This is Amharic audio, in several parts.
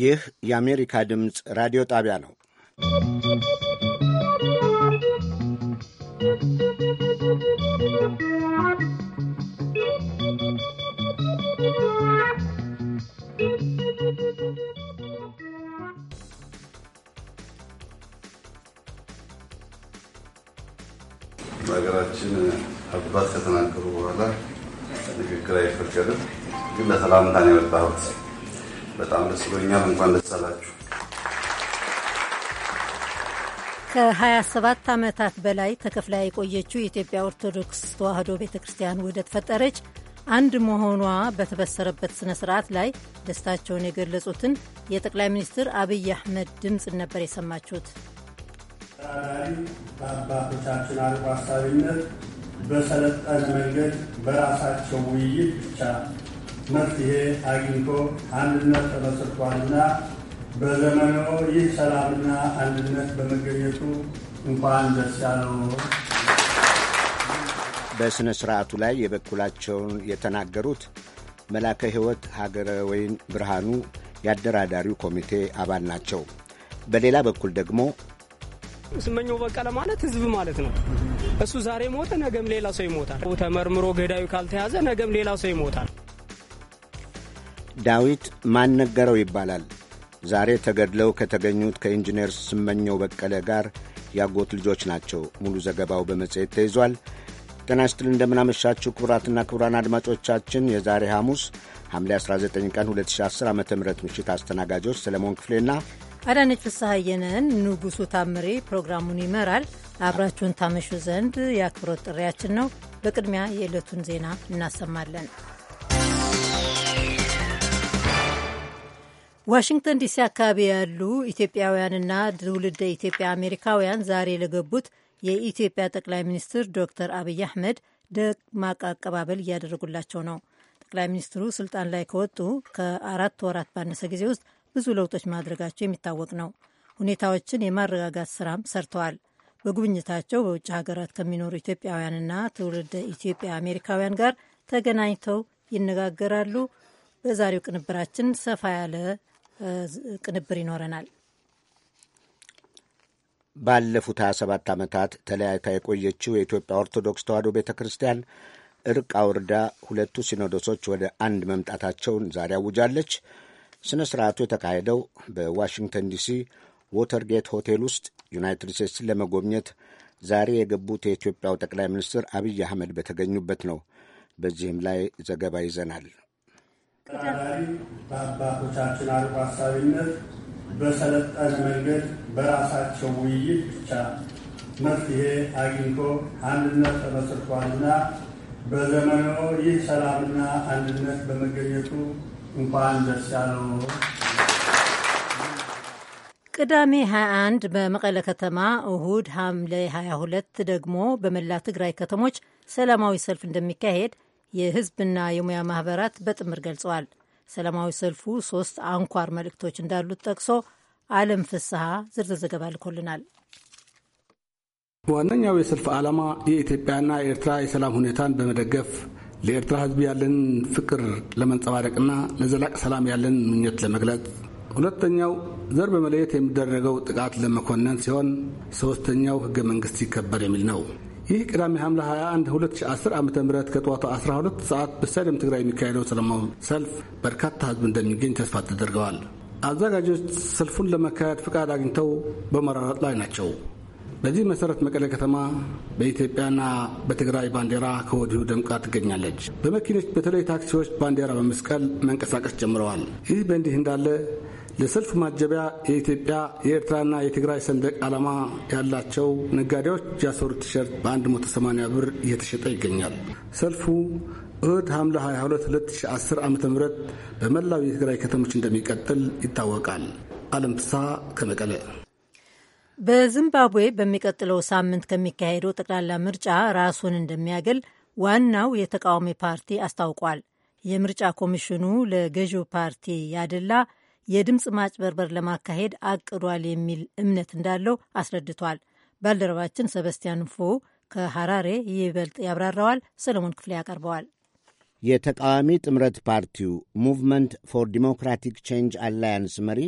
ይህ የአሜሪካ ድምፅ ራዲዮ ጣቢያ ነው። ሀገራችን አባት ከተናገሩ በኋላ ንግግር አይፈቀድም፣ ግን ለሰላምታ ነው በጣም ደስ ብሎኛል። እንኳን ደስ አላችሁ። ከ27 ዓመታት በላይ ተከፍላ የቆየችው የኢትዮጵያ ኦርቶዶክስ ተዋህዶ ቤተ ክርስቲያን ውህደት ፈጠረች አንድ መሆኗ በተበሰረበት ስነ ስርዓት ላይ ደስታቸውን የገለጹትን የጠቅላይ ሚኒስትር አብይ አህመድ ድምፅ ነበር የሰማችሁት። ላይ በአባቶቻችን አርቆ አሳቢነት በሰለጠነ መንገድ በራሳቸው ውይይት ብቻ መፍትሄ አግኝቶ አንድነት ተመስርቷልና በዘመኑ ይህ ሰላምና አንድነት በመገኘቱ እንኳን ደስ ያለው። በሥነ ሥርዓቱ ላይ የበኩላቸውን የተናገሩት መላከ ሕይወት ሀገረ ወይን ብርሃኑ የአደራዳሪው ኮሚቴ አባል ናቸው። በሌላ በኩል ደግሞ ስመኘው በቀለ ማለት ህዝብ ማለት ነው። እሱ ዛሬ ሞተ፣ ነገም ሌላ ሰው ይሞታል። ተመርምሮ ገዳዩ ካልተያዘ ነገም ሌላ ሰው ይሞታል። ዳዊት ማን ነገረው ይባላል። ዛሬ ተገድለው ከተገኙት ከኢንጂነር ስመኘው በቀለ ጋር ያጎት ልጆች ናቸው። ሙሉ ዘገባው በመጽሔት ተይዟል። ጤና ይስጥልኝ እንደምናመሻችሁ ክቡራትና ክቡራን አድማጮቻችን የዛሬ ሐሙስ ሐምሌ 19 ቀን 2010 ዓ ም ምሽት አስተናጋጆች ሰለሞን ክፍሌና አዳነች ፍስሐየንን። ንጉሱ ታምሬ ፕሮግራሙን ይመራል። አብራችሁን ታመሹ ዘንድ የአክብሮት ጥሪያችን ነው። በቅድሚያ የዕለቱን ዜና እናሰማለን። ዋሽንግተን ዲሲ አካባቢ ያሉ ኢትዮጵያውያንና ትውልደ ኢትዮጵያ አሜሪካውያን ዛሬ ለገቡት የኢትዮጵያ ጠቅላይ ሚኒስትር ዶክተር አብይ አህመድ ደማቅ አቀባበል እያደረጉላቸው ነው። ጠቅላይ ሚኒስትሩ ስልጣን ላይ ከወጡ ከአራት ወራት ባነሰ ጊዜ ውስጥ ብዙ ለውጦች ማድረጋቸው የሚታወቅ ነው። ሁኔታዎችን የማረጋጋት ስራም ሰርተዋል። በጉብኝታቸው በውጭ ሀገራት ከሚኖሩ ኢትዮጵያውያንና ትውልደ ኢትዮጵያ አሜሪካውያን ጋር ተገናኝተው ይነጋገራሉ። በዛሬው ቅንብራችን ሰፋ ያለ ቅንብር ይኖረናል። ባለፉት 27 ዓመታት ተለያይታ የቆየችው የኢትዮጵያ ኦርቶዶክስ ተዋሕዶ ቤተ ክርስቲያን እርቅ አውርዳ ሁለቱ ሲኖዶሶች ወደ አንድ መምጣታቸውን ዛሬ አውጃለች። ሥነ ሥርዓቱ የተካሄደው በዋሽንግተን ዲሲ ዎተርጌት ሆቴል ውስጥ ዩናይትድ ስቴትስን ለመጎብኘት ዛሬ የገቡት የኢትዮጵያው ጠቅላይ ሚኒስትር አብይ አህመድ በተገኙበት ነው። በዚህም ላይ ዘገባ ይዘናል። ላይ በአባቶቻችን አርቆ ሀሳቢነት በሰለጠነ መንገድ በራሳቸው ውይይት ብቻ መፍትሄ አግኝቶ አንድነት ተመስርቷልና በዘመኑ ይህ ሰላምና አንድነት በመገኘቱ እንኳን ደስ ያለው። ቅዳሜ 21 በመቀለ ከተማ፣ እሁድ ሐምሌ 22 ደግሞ በመላ ትግራይ ከተሞች ሰላማዊ ሰልፍ እንደሚካሄድ የህዝብና የሙያ ማህበራት በጥምር ገልጸዋል። ሰላማዊ ሰልፉ ሶስት አንኳር መልእክቶች እንዳሉት ጠቅሶ አለም ፍስሐ ዝርዝር ዘገባ ልኮልናል። ዋነኛው የሰልፍ ዓላማ የኢትዮጵያና የኤርትራ የሰላም ሁኔታን በመደገፍ ለኤርትራ ህዝብ ያለንን ፍቅር ለመንጸባረቅና ለዘላቅ ሰላም ያለን ምኞት ለመግለጽ፣ ሁለተኛው ዘር በመለየት የሚደረገው ጥቃት ለመኮነን ሲሆን፣ ሦስተኛው ህገ መንግሥት ይከበር የሚል ነው። ይህ ቅዳሜ ሐምለ 21 2010 ዓ ም ከጠዋቱ 12 ሰዓት በስታዲየም ትግራይ የሚካሄደው ሰላማዊ ሰልፍ በርካታ ህዝብ እንደሚገኝ ተስፋ ተደርገዋል። አዘጋጆች ሰልፉን ለመካሄድ ፍቃድ አግኝተው በመራረጥ ላይ ናቸው። በዚህ መሰረት መቀለ ከተማ በኢትዮጵያና በትግራይ ባንዲራ ከወዲሁ ደምቃ ትገኛለች። በመኪኖች በተለይ ታክሲዎች ባንዲራ በመስቀል መንቀሳቀስ ጀምረዋል። ይህ በእንዲህ እንዳለ ለሰልፍ ማጀቢያ የኢትዮጵያ የኤርትራና የትግራይ ሰንደቅ ዓላማ ያላቸው ነጋዴዎች ያሰሩት ቲሸርት በ180 ብር እየተሸጠ ይገኛል። ሰልፉ እህድ ሐምሌ 22 2010 ዓ ም በመላው የትግራይ ከተሞች እንደሚቀጥል ይታወቃል። አለም ፍስሐ ከመቀለ። በዚምባብዌ በሚቀጥለው ሳምንት ከሚካሄደው ጠቅላላ ምርጫ ራሱን እንደሚያገል ዋናው የተቃዋሚ ፓርቲ አስታውቋል። የምርጫ ኮሚሽኑ ለገዢው ፓርቲ ያደላ የድምፅ ማጭበርበር ለማካሄድ አቅዷል የሚል እምነት እንዳለው አስረድቷል። ባልደረባችን ሰበስቲያን ፎ ከሐራሬ ይበልጥ ያብራራዋል። ሰለሞን ክፍሌ ያቀርበዋል። የተቃዋሚ ጥምረት ፓርቲው ሙቭመንት ፎር ዲሞክራቲክ ቼንጅ አላያንስ መሪ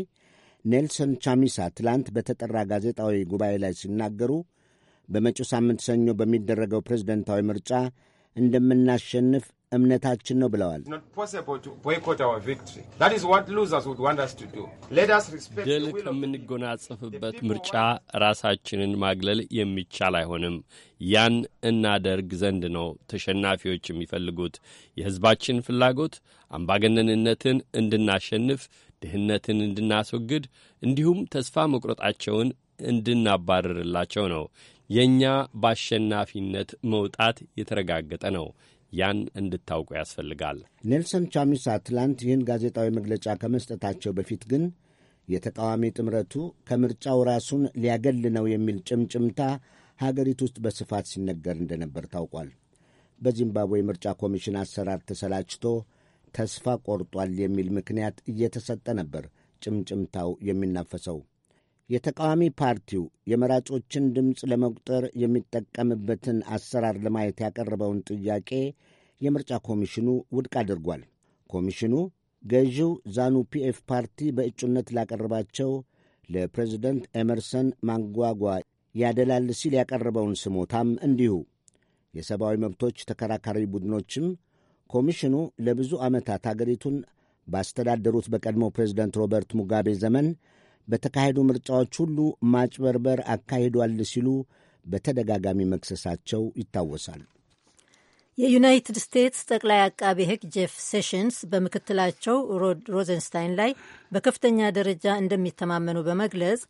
ኔልሰን ቻሚሳ ትላንት በተጠራ ጋዜጣዊ ጉባኤ ላይ ሲናገሩ በመጪው ሳምንት ሰኞ በሚደረገው ፕሬዝደንታዊ ምርጫ እንደምናሸንፍ እምነታችን ነው ብለዋል። ድል ከምንጎናጸፍበት ምርጫ ራሳችንን ማግለል የሚቻል አይሆንም። ያን እናደርግ ዘንድ ነው ተሸናፊዎች የሚፈልጉት። የሕዝባችን ፍላጎት አምባገነንነትን እንድናሸንፍ፣ ድህነትን እንድናስወግድ፣ እንዲሁም ተስፋ መቁረጣቸውን እንድናባርርላቸው ነው። የእኛ በአሸናፊነት መውጣት የተረጋገጠ ነው። ያን እንድታውቁ ያስፈልጋል። ኔልሰን ቻሚሳ ትላንት ይህን ጋዜጣዊ መግለጫ ከመስጠታቸው በፊት ግን የተቃዋሚ ጥምረቱ ከምርጫው ራሱን ሊያገል ነው የሚል ጭምጭምታ ሀገሪቱ ውስጥ በስፋት ሲነገር እንደነበር ታውቋል። በዚምባብዌ ምርጫ ኮሚሽን አሰራር ተሰላችቶ ተስፋ ቆርጧል የሚል ምክንያት እየተሰጠ ነበር ጭምጭምታው የሚናፈሰው። የተቃዋሚ ፓርቲው የመራጮችን ድምፅ ለመቁጠር የሚጠቀምበትን አሰራር ለማየት ያቀረበውን ጥያቄ የምርጫ ኮሚሽኑ ውድቅ አድርጓል። ኮሚሽኑ ገዢው ዛኑ ፒኤፍ ፓርቲ በእጩነት ላቀረባቸው ለፕሬዚደንት ኤመርሰን ማንጓጓ ያደላል ሲል ያቀረበውን ስሞታም እንዲሁ። የሰብአዊ መብቶች ተከራካሪ ቡድኖችም ኮሚሽኑ ለብዙ ዓመታት አገሪቱን ባስተዳደሩት በቀድሞ ፕሬዚደንት ሮበርት ሙጋቤ ዘመን በተካሄዱ ምርጫዎች ሁሉ ማጭበርበር አካሂዷል ሲሉ በተደጋጋሚ መክሰሳቸው ይታወሳል። የዩናይትድ ስቴትስ ጠቅላይ አቃቤ ሕግ ጄፍ ሴሽንስ በምክትላቸው ሮድ ሮዘንስታይን ላይ በከፍተኛ ደረጃ እንደሚተማመኑ በመግለጽ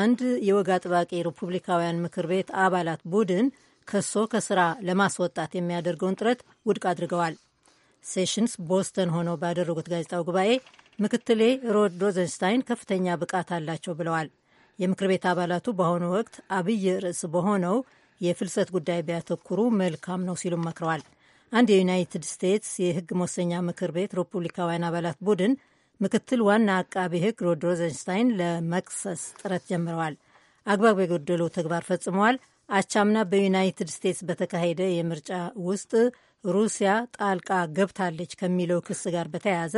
አንድ የወግ አጥባቂ ሪፑብሊካውያን ምክር ቤት አባላት ቡድን ከሶ ከስራ ለማስወጣት የሚያደርገውን ጥረት ውድቅ አድርገዋል። ሴሽንስ ቦስተን ሆነው ባደረጉት ጋዜጣዊ ጉባኤ ምክትሌ ሮድ ሮዘንስታይን ከፍተኛ ብቃት አላቸው ብለዋል። የምክር ቤት አባላቱ በአሁኑ ወቅት አብይ ርዕስ በሆነው የፍልሰት ጉዳይ ቢያተኩሩ መልካም ነው ሲሉም መክረዋል። አንድ የዩናይትድ ስቴትስ የሕግ መወሰኛ ምክር ቤት ሪፑብሊካውያን አባላት ቡድን ምክትል ዋና አቃቢ ሕግ ሮድ ሮዘንስታይን ለመክሰስ ጥረት ጀምረዋል። አግባብ የጎደለው ተግባር ፈጽመዋል፣ አቻምና በዩናይትድ ስቴትስ በተካሄደ የምርጫ ውስጥ ሩሲያ ጣልቃ ገብታለች ከሚለው ክስ ጋር በተያያዘ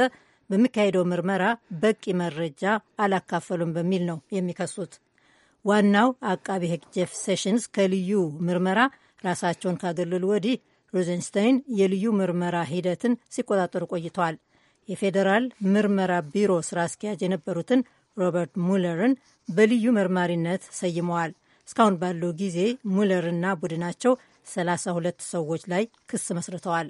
በሚካሄደው ምርመራ በቂ መረጃ አላካፈሉም በሚል ነው የሚከሱት። ዋናው አቃቢ ሕግ ጄፍ ሴሽንስ ከልዩ ምርመራ ራሳቸውን ካገለሉ ወዲህ ሮዘንስታይን የልዩ ምርመራ ሂደትን ሲቆጣጠሩ ቆይተዋል። የፌዴራል ምርመራ ቢሮ ስራ አስኪያጅ የነበሩትን ሮበርት ሙለርን በልዩ መርማሪነት ሰይመዋል። እስካሁን ባለው ጊዜ ሙለርና ቡድናቸው 32 ሰዎች ላይ ክስ መስርተዋል።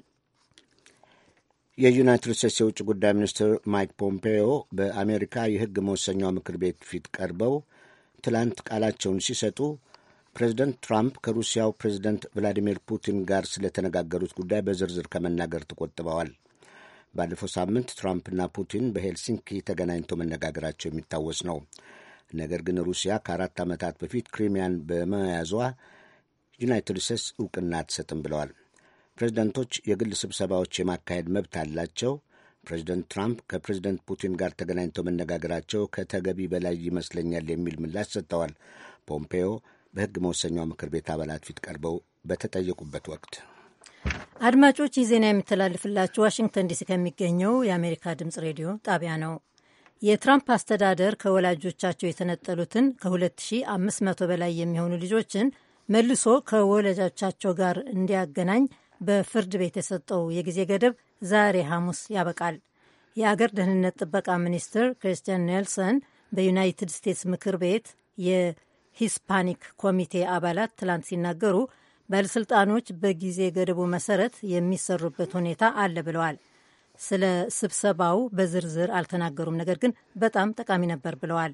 የዩናይትድ ስቴትስ የውጭ ጉዳይ ሚኒስትር ማይክ ፖምፔዮ በአሜሪካ የሕግ መወሰኛው ምክር ቤት ፊት ቀርበው ትላንት ቃላቸውን ሲሰጡ ፕሬዚደንት ትራምፕ ከሩሲያው ፕሬዚደንት ቭላዲሚር ፑቲን ጋር ስለተነጋገሩት ጉዳይ በዝርዝር ከመናገር ተቆጥበዋል። ባለፈው ሳምንት ትራምፕና ፑቲን በሄልሲንኪ ተገናኝቶ መነጋገራቸው የሚታወስ ነው። ነገር ግን ሩሲያ ከአራት ዓመታት በፊት ክሪሚያን በመያዟ ዩናይትድ ስቴትስ እውቅና አትሰጥም ብለዋል። ፕሬዝደንቶች የግል ስብሰባዎች የማካሄድ መብት አላቸው። ፕሬዝደንት ትራምፕ ከፕሬዝደንት ፑቲን ጋር ተገናኝተው መነጋገራቸው ከተገቢ በላይ ይመስለኛል የሚል ምላሽ ሰጥተዋል። ፖምፔዮ በሕግ መወሰኛው ምክር ቤት አባላት ፊት ቀርበው በተጠየቁበት ወቅት አድማጮች፣ ይህ ዜና የሚተላልፍላችሁ ዋሽንግተን ዲሲ ከሚገኘው የአሜሪካ ድምፅ ሬዲዮ ጣቢያ ነው። የትራምፕ አስተዳደር ከወላጆቻቸው የተነጠሉትን ከ2500 በላይ የሚሆኑ ልጆችን መልሶ ከወላጆቻቸው ጋር እንዲያገናኝ በፍርድ ቤት የሰጠው የጊዜ ገደብ ዛሬ ሐሙስ ያበቃል። የአገር ደህንነት ጥበቃ ሚኒስትር ክርስቲያን ኔልሰን በዩናይትድ ስቴትስ ምክር ቤት የሂስፓኒክ ኮሚቴ አባላት ትላንት ሲናገሩ ባለሥልጣኖች በጊዜ ገደቡ መሰረት የሚሰሩበት ሁኔታ አለ ብለዋል። ስለ ስብሰባው በዝርዝር አልተናገሩም፣ ነገር ግን በጣም ጠቃሚ ነበር ብለዋል።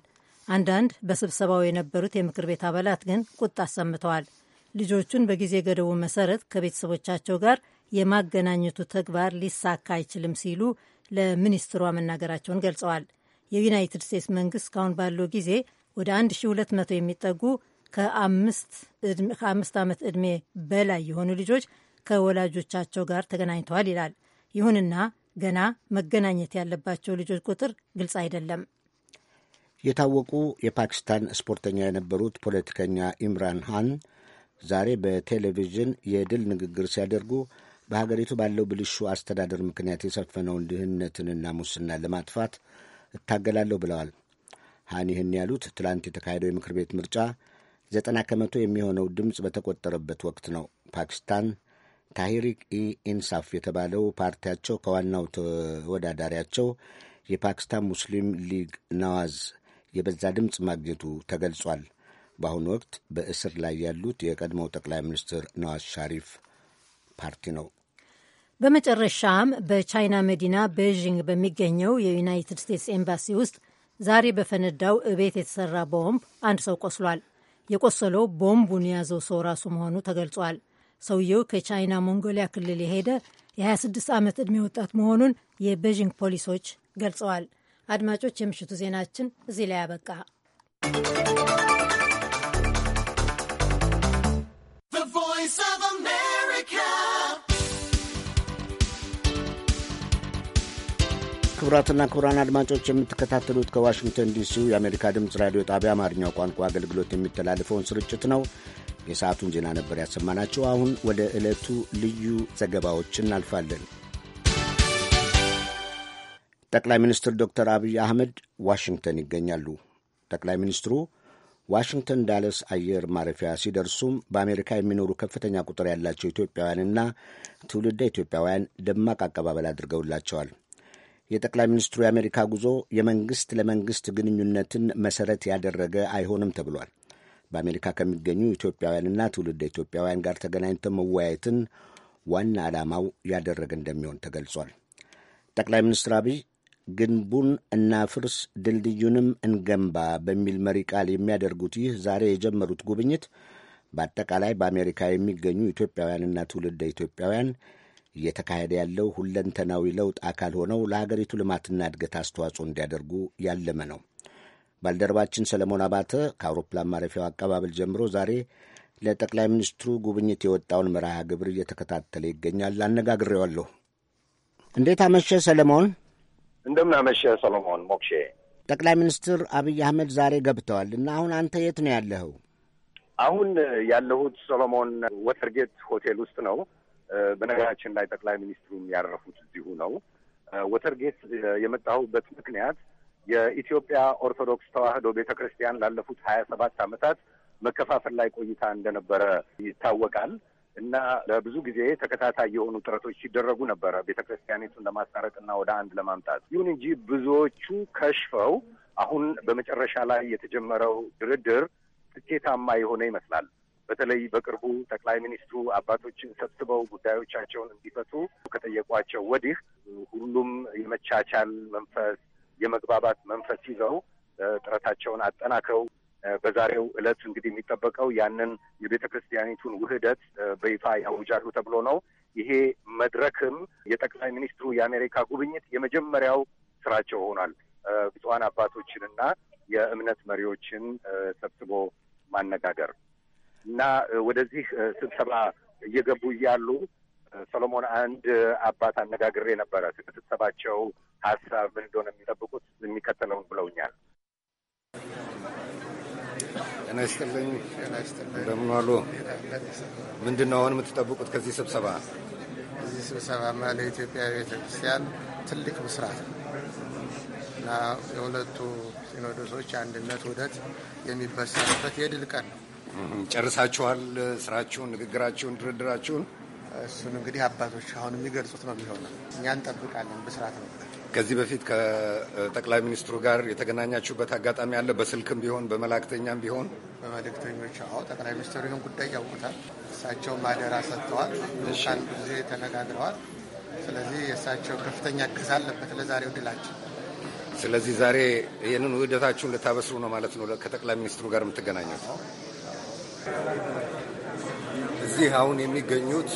አንዳንድ በስብሰባው የነበሩት የምክር ቤት አባላት ግን ቁጣ አሰምተዋል። ልጆቹን በጊዜ ገደቡ መሰረት ከቤተሰቦቻቸው ጋር የማገናኘቱ ተግባር ሊሳካ አይችልም ሲሉ ለሚኒስትሯ መናገራቸውን ገልጸዋል። የዩናይትድ ስቴትስ መንግስት እስካሁን ባለው ጊዜ ወደ 1200 የሚጠጉ ከአምስት ዓመት ዕድሜ በላይ የሆኑ ልጆች ከወላጆቻቸው ጋር ተገናኝተዋል ይላል። ይሁንና ገና መገናኘት ያለባቸው ልጆች ቁጥር ግልጽ አይደለም። የታወቁ የፓኪስታን ስፖርተኛ የነበሩት ፖለቲከኛ ኢምራን ሃን ዛሬ በቴሌቪዥን የድል ንግግር ሲያደርጉ በሀገሪቱ ባለው ብልሹ አስተዳደር ምክንያት የሰፈነውን ድህነትንና ሙስናን ለማጥፋት እታገላለሁ ብለዋል። ሃን ይህን ያሉት ትላንት የተካሄደው የምክር ቤት ምርጫ ዘጠና ከመቶ የሚሆነው ድምፅ በተቆጠረበት ወቅት ነው። ፓኪስታን ታሂሪክ ኢንሳፍ የተባለው ፓርቲያቸው ከዋናው ተወዳዳሪያቸው የፓኪስታን ሙስሊም ሊግ ነዋዝ የበዛ ድምፅ ማግኘቱ ተገልጿል። በአሁኑ ወቅት በእስር ላይ ያሉት የቀድሞው ጠቅላይ ሚኒስትር ነዋዝ ሻሪፍ ፓርቲ ነው። በመጨረሻም በቻይና መዲና ቤዥንግ በሚገኘው የዩናይትድ ስቴትስ ኤምባሲ ውስጥ ዛሬ በፈነዳው እቤት የተሰራ ቦምብ አንድ ሰው ቆስሏል። የቆሰለው ቦምቡን የያዘው ሰው ራሱ መሆኑ ተገልጿል። ሰውየው ከቻይና ሞንጎሊያ ክልል የሄደ የ26 ዓመት ዕድሜ ወጣት መሆኑን የቤዥንግ ፖሊሶች ገልጸዋል። አድማጮች፣ የምሽቱ ዜናችን እዚህ ላይ ያበቃ። ክቡራትና ክቡራን አድማጮች የምትከታተሉት ከዋሽንግተን ዲሲው የአሜሪካ ድምፅ ራዲዮ ጣቢያ አማርኛው ቋንቋ አገልግሎት የሚተላለፈውን ስርጭት ነው። የሰዓቱን ዜና ነበር ያሰማናቸው። አሁን ወደ ዕለቱ ልዩ ዘገባዎች እናልፋለን። ጠቅላይ ሚኒስትር ዶክተር አብይ አህመድ ዋሽንግተን ይገኛሉ። ጠቅላይ ሚኒስትሩ ዋሽንግተን ዳለስ አየር ማረፊያ ሲደርሱም በአሜሪካ የሚኖሩ ከፍተኛ ቁጥር ያላቸው ኢትዮጵያውያንና ትውልደ ኢትዮጵያውያን ደማቅ አቀባበል አድርገውላቸዋል። የጠቅላይ ሚኒስትሩ የአሜሪካ ጉዞ የመንግሥት ለመንግሥት ግንኙነትን መሠረት ያደረገ አይሆንም ተብሏል። በአሜሪካ ከሚገኙ ኢትዮጵያውያንና ትውልደ ኢትዮጵያውያን ጋር ተገናኝተው መወያየትን ዋና ዓላማው ያደረገ እንደሚሆን ተገልጿል። ጠቅላይ ሚኒስትር አብይ ግንቡን እናፍርስ ድልድዩንም እንገንባ በሚል መሪ ቃል የሚያደርጉት ይህ ዛሬ የጀመሩት ጉብኝት በአጠቃላይ በአሜሪካ የሚገኙ ኢትዮጵያውያንና ትውልደ ኢትዮጵያውያን እየተካሄደ ያለው ሁለንተናዊ ለውጥ አካል ሆነው ለሀገሪቱ ልማትና እድገት አስተዋጽኦ እንዲያደርጉ ያለመ ነው። ባልደረባችን ሰለሞን አባተ ከአውሮፕላን ማረፊያው አቀባበል ጀምሮ ዛሬ ለጠቅላይ ሚኒስትሩ ጉብኝት የወጣውን መርሃ ግብር እየተከታተለ ይገኛል። አነጋግሬዋለሁ። እንዴት አመሸ ሰለሞን? እንደምናመሸ ሰሎሞን ሞክሼ። ጠቅላይ ሚኒስትር አብይ አህመድ ዛሬ ገብተዋል እና አሁን አንተ የት ነው ያለኸው? አሁን ያለሁት ሰሎሞን ወተርጌት ሆቴል ውስጥ ነው። በነገራችን ላይ ጠቅላይ ሚኒስትሩም ያረፉት እዚሁ ነው። ወተርጌት የመጣሁበት ምክንያት የኢትዮጵያ ኦርቶዶክስ ተዋህዶ ቤተ ክርስቲያን ላለፉት ሀያ ሰባት ዓመታት መከፋፈል ላይ ቆይታ እንደነበረ ይታወቃል። እና ለብዙ ጊዜ ተከታታይ የሆኑ ጥረቶች ሲደረጉ ነበረ ቤተ ክርስቲያኒቱን እና ወደ አንድ ለማምጣት። ይሁን እንጂ ብዙዎቹ ከሽፈው አሁን በመጨረሻ ላይ የተጀመረው ድርድር ስኬታማ የሆነ ይመስላል። በተለይ በቅርቡ ጠቅላይ ሚኒስትሩ አባቶችን ሰብስበው ጉዳዮቻቸውን እንዲፈቱ ከጠየቋቸው ወዲህ ሁሉም የመቻቻል መንፈስ፣ የመግባባት መንፈስ ይዘው ጥረታቸውን አጠናክረው በዛሬው ዕለት እንግዲህ የሚጠበቀው ያንን የቤተ ክርስቲያኒቱን ውህደት በይፋ ያውጃሉ ተብሎ ነው። ይሄ መድረክም የጠቅላይ ሚኒስትሩ የአሜሪካ ጉብኝት የመጀመሪያው ስራቸው ሆኗል። ብፁዓን አባቶችንና የእምነት መሪዎችን ሰብስቦ ማነጋገር እና ወደዚህ ስብሰባ እየገቡ እያሉ ሰሎሞን አንድ አባት አነጋግሬ ነበረ። ስብሰባቸው ሀሳብ ምን እንደሆነ የሚጠብቁት የሚከተለውን ብለውኛል። ጤና ይስጥልኝ። እንደምን ዋሉ? ምንድን ነው አሁን የምትጠብቁት ከዚህ ስብሰባ? እዚህ ስብሰባማ ለኢትዮጵያ ቤተ ክርስቲያን ትልቅ ምስራት እና የሁለቱ ሲኖዶሶች አንድነት ውህደት የሚበሰርበት የድል ቀን ነው። ጨርሳችኋል? ስራችሁን፣ ንግግራችሁን፣ ድርድራችሁን? እሱን እንግዲህ አባቶች አሁን የሚገልጹት ነው የሚሆነው። እኛ እንጠብቃለን። ብስራት ነው። ከዚህ በፊት ከጠቅላይ ሚኒስትሩ ጋር የተገናኛችሁበት አጋጣሚ አለ? በስልክም ቢሆን በመላእክተኛም ቢሆን በመልእክተኞች? አዎ ጠቅላይ ሚኒስትሩ ይህን ጉዳይ ያውቁታል። እሳቸው ማደራ ሰጥተዋል። ልኡካን ጊዜ ተነጋግረዋል። ስለዚህ የእሳቸው ከፍተኛ እገዛ አለበት ለዛሬው ድላችን። ስለዚህ ዛሬ ይህንን ውህደታችሁን ልታበስሩ ነው ማለት ነው ከጠቅላይ ሚኒስትሩ ጋር የምትገናኙት? እዚህ አሁን የሚገኙት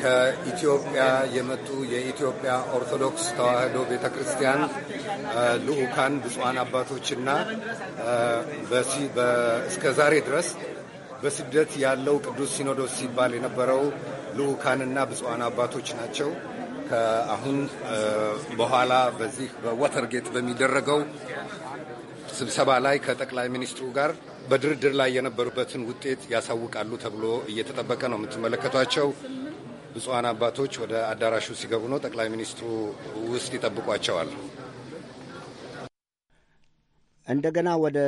ከኢትዮጵያ የመጡ የኢትዮጵያ ኦርቶዶክስ ተዋሕዶ ቤተ ክርስቲያን ልዑካን ብፁዓን አባቶችና እስከ ዛሬ ድረስ በስደት ያለው ቅዱስ ሲኖዶስ ሲባል የነበረው ልዑካንና ብፁዓን አባቶች ናቸው። ከአሁን በኋላ በዚህ በወተርጌት በሚደረገው ስብሰባ ላይ ከጠቅላይ ሚኒስትሩ ጋር በድርድር ላይ የነበሩበትን ውጤት ያሳውቃሉ ተብሎ እየተጠበቀ ነው። የምትመለከቷቸው ብፁዓን አባቶች ወደ አዳራሹ ሲገቡ ነው። ጠቅላይ ሚኒስትሩ ውስጥ ይጠብቋቸዋል። እንደገና ወደ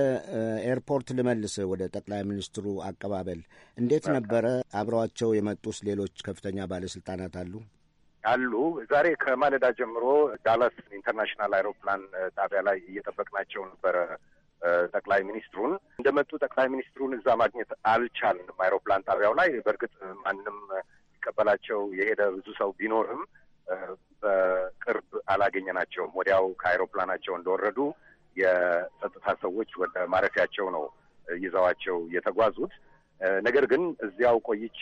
ኤርፖርት ልመልስ። ወደ ጠቅላይ ሚኒስትሩ አቀባበል እንዴት ነበረ? አብረዋቸው የመጡስ ሌሎች ከፍተኛ ባለስልጣናት አሉ አሉ። ዛሬ ከማለዳ ጀምሮ ዳላስ ኢንተርናሽናል አይሮፕላን ጣቢያ ላይ እየጠበቅናቸው ነበረ። ጠቅላይ ሚኒስትሩን እንደመጡ ጠቅላይ ሚኒስትሩን እዛ ማግኘት አልቻልንም። አይሮፕላን ጣቢያው ላይ በእርግጥ ማንም ይቀበላቸው የሄደ ብዙ ሰው ቢኖርም በቅርብ አላገኘናቸውም። ወዲያው ከአይሮፕላናቸው እንደወረዱ የጸጥታ ሰዎች ወደ ማረፊያቸው ነው ይዘዋቸው የተጓዙት። ነገር ግን እዚያው ቆይቼ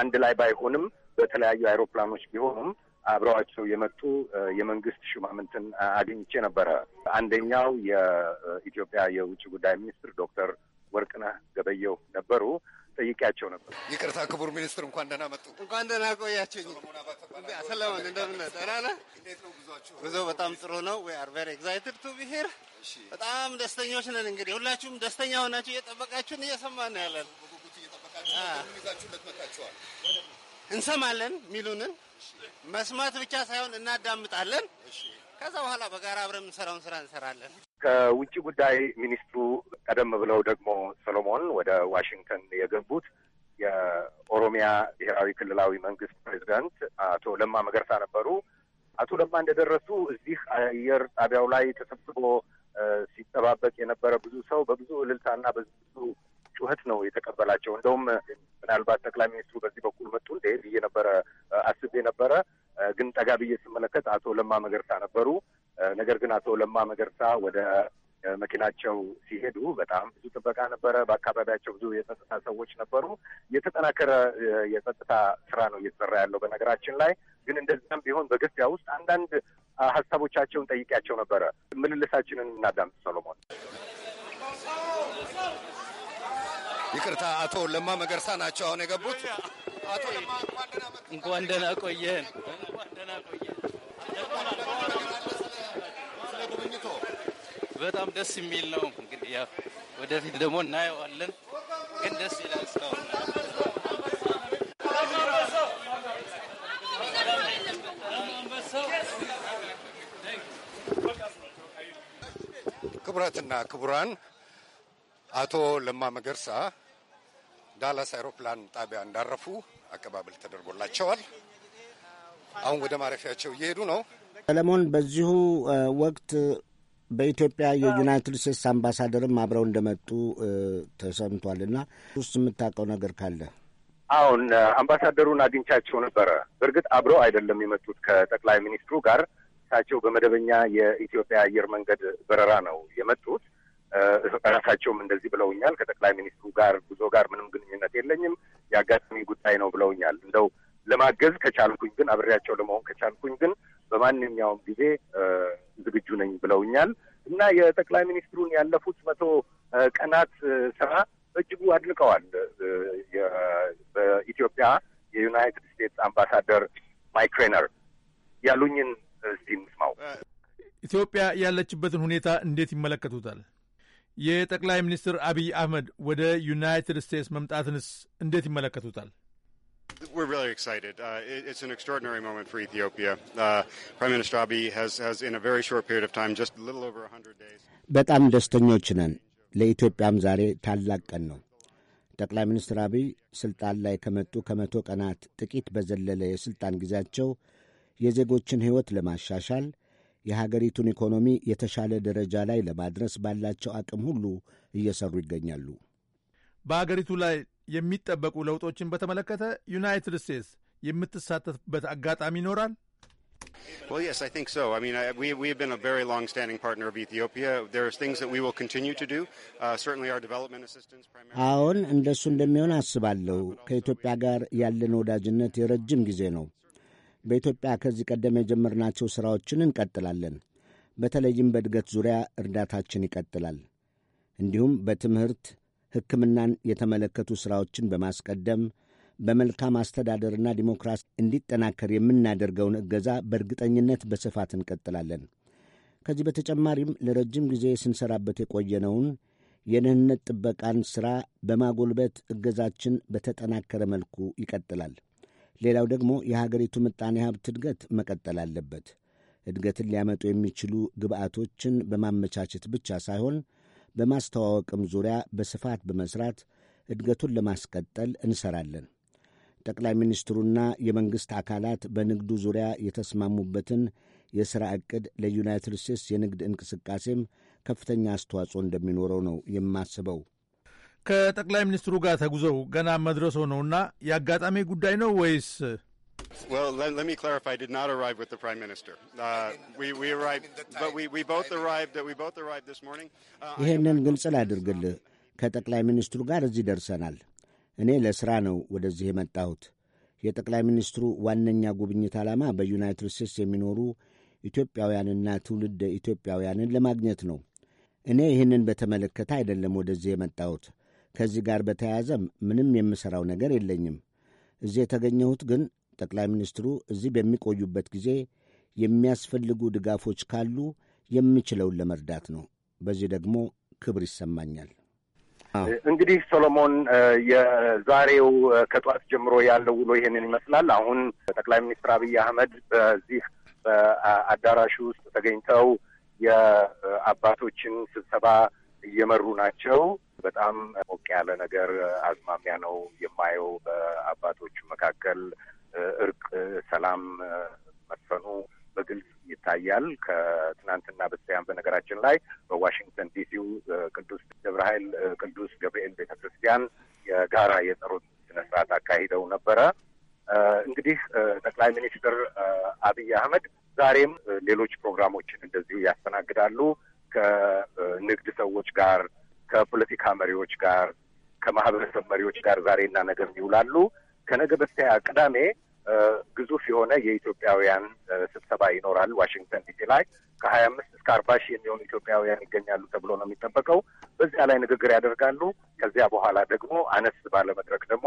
አንድ ላይ ባይሆንም በተለያዩ አይሮፕላኖች ቢሆኑም አብረዋቸው የመጡ የመንግስት ሹማምንትን አግኝቼ ነበረ። አንደኛው የኢትዮጵያ የውጭ ጉዳይ ሚኒስትር ዶክተር ወርቅነህ ገበየው ነበሩ። ጠይቄያቸው ነበር። ይቅርታ ክቡር ሚኒስትር፣ እንኳን ደህና መጡ። እንኳን ደህና ቆያችሁኝ። ሰለሞን እንደምን ደህና ነህ? ጉዞ በጣም ጥሩ ነው። ዊ አር ቬሪ ኤግዛይትድ ቱ ቢ ሄር። በጣም ደስተኞች ነን። እንግዲህ ሁላችሁም ደስተኛ ሆናችሁ እየጠበቃችሁን እየሰማን ነው ያለን። እንሰማለን ሚሉንን መስማት ብቻ ሳይሆን እናዳምጣለን። ከዛ በኋላ በጋራ አብረን የምንሰራውን ስራ እንሰራለን። ከውጭ ጉዳይ ሚኒስትሩ ቀደም ብለው ደግሞ ሰሎሞን ወደ ዋሽንግተን የገቡት የኦሮሚያ ብሔራዊ ክልላዊ መንግስት ፕሬዚዳንት አቶ ለማ መገርሳ ነበሩ። አቶ ለማ እንደደረሱ እዚህ አየር ጣቢያው ላይ ተሰብስቦ ሲጠባበቅ የነበረ ብዙ ሰው በብዙ እልልታና በብዙ ጩኸት ነው የተቀበላቸው። እንደውም ምናልባት ጠቅላይ ሚኒስትሩ በዚህ በኩል መጡ እንዴ ብዬ ነበረ አስቤ ነበረ። ግን ጠጋ ብዬ ስመለከት አቶ ለማ መገርሳ ነበሩ። ነገር ግን አቶ ለማ መገርሳ ወደ መኪናቸው ሲሄዱ በጣም ብዙ ጥበቃ ነበረ። በአካባቢያቸው ብዙ የጸጥታ ሰዎች ነበሩ። የተጠናከረ የጸጥታ ስራ ነው እየተሰራ ያለው። በነገራችን ላይ ግን እንደዚያም ቢሆን በግፊያ ውስጥ አንዳንድ ሀሳቦቻቸውን ጠይቄያቸው ነበረ። ምልልሳችንን እናዳምጥ ሰሎሞን። ይቅርታ፣ አቶ ለማ መገርሳ ናቸው አሁን የገቡት። አቶ ለማ እንኳን ደህና ቆየህን። በጣም ደስ የሚል ነው። እንግዲህ ያው ወደፊት ደግሞ እናየዋለን፣ ግን ደስ ይላል ክቡራትና ክቡራን አቶ ለማ መገርሳ ዳላስ አይሮፕላን ጣቢያ እንዳረፉ አቀባበል ተደርጎላቸዋል። አሁን ወደ ማረፊያቸው እየሄዱ ነው። ሰለሞን፣ በዚሁ ወቅት በኢትዮጵያ የዩናይትድ ስቴትስ አምባሳደርም አብረው እንደመጡ ተሰምቷል እና ውስጥ የምታውቀው ነገር ካለ? አሁን አምባሳደሩን አግኝቻቸው ነበረ። በእርግጥ አብረው አይደለም የመጡት ከጠቅላይ ሚኒስትሩ ጋር እሳቸው በመደበኛ የኢትዮጵያ አየር መንገድ በረራ ነው የመጡት። ራሳቸውም እንደዚህ ብለውኛል። ከጠቅላይ ሚኒስትሩ ጋር ጉዞ ጋር ምንም ግንኙነት የለኝም የአጋጣሚ ጉዳይ ነው ብለውኛል። እንደው ለማገዝ ከቻልኩኝ ግን አብሬያቸው ለመሆን ከቻልኩኝ ግን በማንኛውም ጊዜ ዝግጁ ነኝ ብለውኛል እና የጠቅላይ ሚኒስትሩን ያለፉት መቶ ቀናት ስራ በእጅጉ አድንቀዋል። በኢትዮጵያ የዩናይትድ ስቴትስ አምባሳደር ማይክ ሬነር ያሉኝን እስቲ እንስማው። ኢትዮጵያ ያለችበትን ሁኔታ እንዴት ይመለከቱታል? የጠቅላይ ሚኒስትር አብይ አህመድ ወደ ዩናይትድ ስቴትስ መምጣትንስ እንዴት ይመለከቱታል? Uh, በጣም ደስተኞች ነን። ለኢትዮጵያም ዛሬ ታላቅ ቀን ነው። ጠቅላይ ሚኒስትር አብይ ስልጣን ላይ ከመጡ ከመቶ ቀናት ጥቂት በዘለለ የስልጣን ጊዜያቸው የዜጎችን ሕይወት ለማሻሻል የሀገሪቱን ኢኮኖሚ የተሻለ ደረጃ ላይ ለማድረስ ባላቸው አቅም ሁሉ እየሰሩ ይገኛሉ። በሀገሪቱ ላይ የሚጠበቁ ለውጦችን በተመለከተ ዩናይትድ ስቴትስ የምትሳተፍበት አጋጣሚ ይኖራል? Uh, አዎን፣ እንደሱ እንደሚሆን አስባለሁ። ከኢትዮጵያ ጋር ያለን ወዳጅነት የረጅም ጊዜ ነው። በኢትዮጵያ ከዚህ ቀደም የጀመርናቸው ሥራዎችን እንቀጥላለን። በተለይም በእድገት ዙሪያ እርዳታችን ይቀጥላል። እንዲሁም በትምህርት ሕክምናን የተመለከቱ ሥራዎችን በማስቀደም በመልካም አስተዳደርና ዲሞክራሲ እንዲጠናከር የምናደርገውን እገዛ በእርግጠኝነት በስፋት እንቀጥላለን። ከዚህ በተጨማሪም ለረጅም ጊዜ ስንሰራበት የቆየነውን የደህንነት ጥበቃን ሥራ በማጎልበት እገዛችን በተጠናከረ መልኩ ይቀጥላል። ሌላው ደግሞ የሀገሪቱ ምጣኔ ሀብት እድገት መቀጠል አለበት። እድገትን ሊያመጡ የሚችሉ ግብአቶችን በማመቻቸት ብቻ ሳይሆን በማስተዋወቅም ዙሪያ በስፋት በመስራት እድገቱን ለማስቀጠል እንሰራለን። ጠቅላይ ሚኒስትሩና የመንግሥት አካላት በንግዱ ዙሪያ የተስማሙበትን የሥራ ዕቅድ ለዩናይትድ ስቴትስ የንግድ እንቅስቃሴም ከፍተኛ አስተዋጽኦ እንደሚኖረው ነው የማስበው። ከጠቅላይ ሚኒስትሩ ጋር ተጉዘው ገና መድረሶ ነውና የአጋጣሚ ጉዳይ ነው ወይስ? Uh, uh, ይህንን ግልጽ ላድርግልህ። ከጠቅላይ ሚኒስትሩ ጋር እዚህ ደርሰናል። እኔ ለሥራ ነው ወደዚህ የመጣሁት። የጠቅላይ ሚኒስትሩ ዋነኛ ጉብኝት ዓላማ በዩናይትድ ስቴትስ የሚኖሩ ኢትዮጵያውያንና ትውልድ ኢትዮጵያውያንን ለማግኘት ነው። እኔ ይህንን በተመለከተ አይደለም ወደዚህ የመጣሁት። ከዚህ ጋር በተያያዘ ምንም የምሠራው ነገር የለኝም። እዚህ የተገኘሁት ግን ጠቅላይ ሚኒስትሩ እዚህ በሚቆዩበት ጊዜ የሚያስፈልጉ ድጋፎች ካሉ የምችለውን ለመርዳት ነው። በዚህ ደግሞ ክብር ይሰማኛል። እንግዲህ ሶሎሞን፣ የዛሬው ከጠዋት ጀምሮ ያለው ውሎ ይሄንን ይመስላል። አሁን ጠቅላይ ሚኒስትር አብይ አህመድ በዚህ በአዳራሹ ውስጥ ተገኝተው የአባቶችን ስብሰባ እየመሩ ናቸው። በጣም ሞቅ ያለ ነገር አዝማሚያ ነው የማየው። በአባቶች መካከል እርቅ፣ ሰላም መስፈኑ በግልጽ ይታያል። ከትናንትና በስቲያም በነገራችን ላይ በዋሽንግተን ዲሲው ቅዱስ ደብረ ኃይል ቅዱስ ገብርኤል ቤተ ክርስቲያን የጋራ የጸሎት ስነ ስርዓት አካሂደው ነበረ። እንግዲህ ጠቅላይ ሚኒስትር አብይ አህመድ ዛሬም ሌሎች ፕሮግራሞችን እንደዚሁ ያስተናግዳሉ። ከንግድ ሰዎች ጋር ከፖለቲካ መሪዎች ጋር ከማህበረሰብ መሪዎች ጋር ዛሬና ነገም ይውላሉ። ከነገ በስቲያ ቅዳሜ ግዙፍ የሆነ የኢትዮጵያውያን ስብሰባ ይኖራል ዋሽንግተን ዲሲ ላይ ከሀያ አምስት እስከ አርባ ሺህ የሚሆኑ ኢትዮጵያውያን ይገኛሉ ተብሎ ነው የሚጠበቀው። በዚያ ላይ ንግግር ያደርጋሉ። ከዚያ በኋላ ደግሞ አነስ ባለመድረክ ደግሞ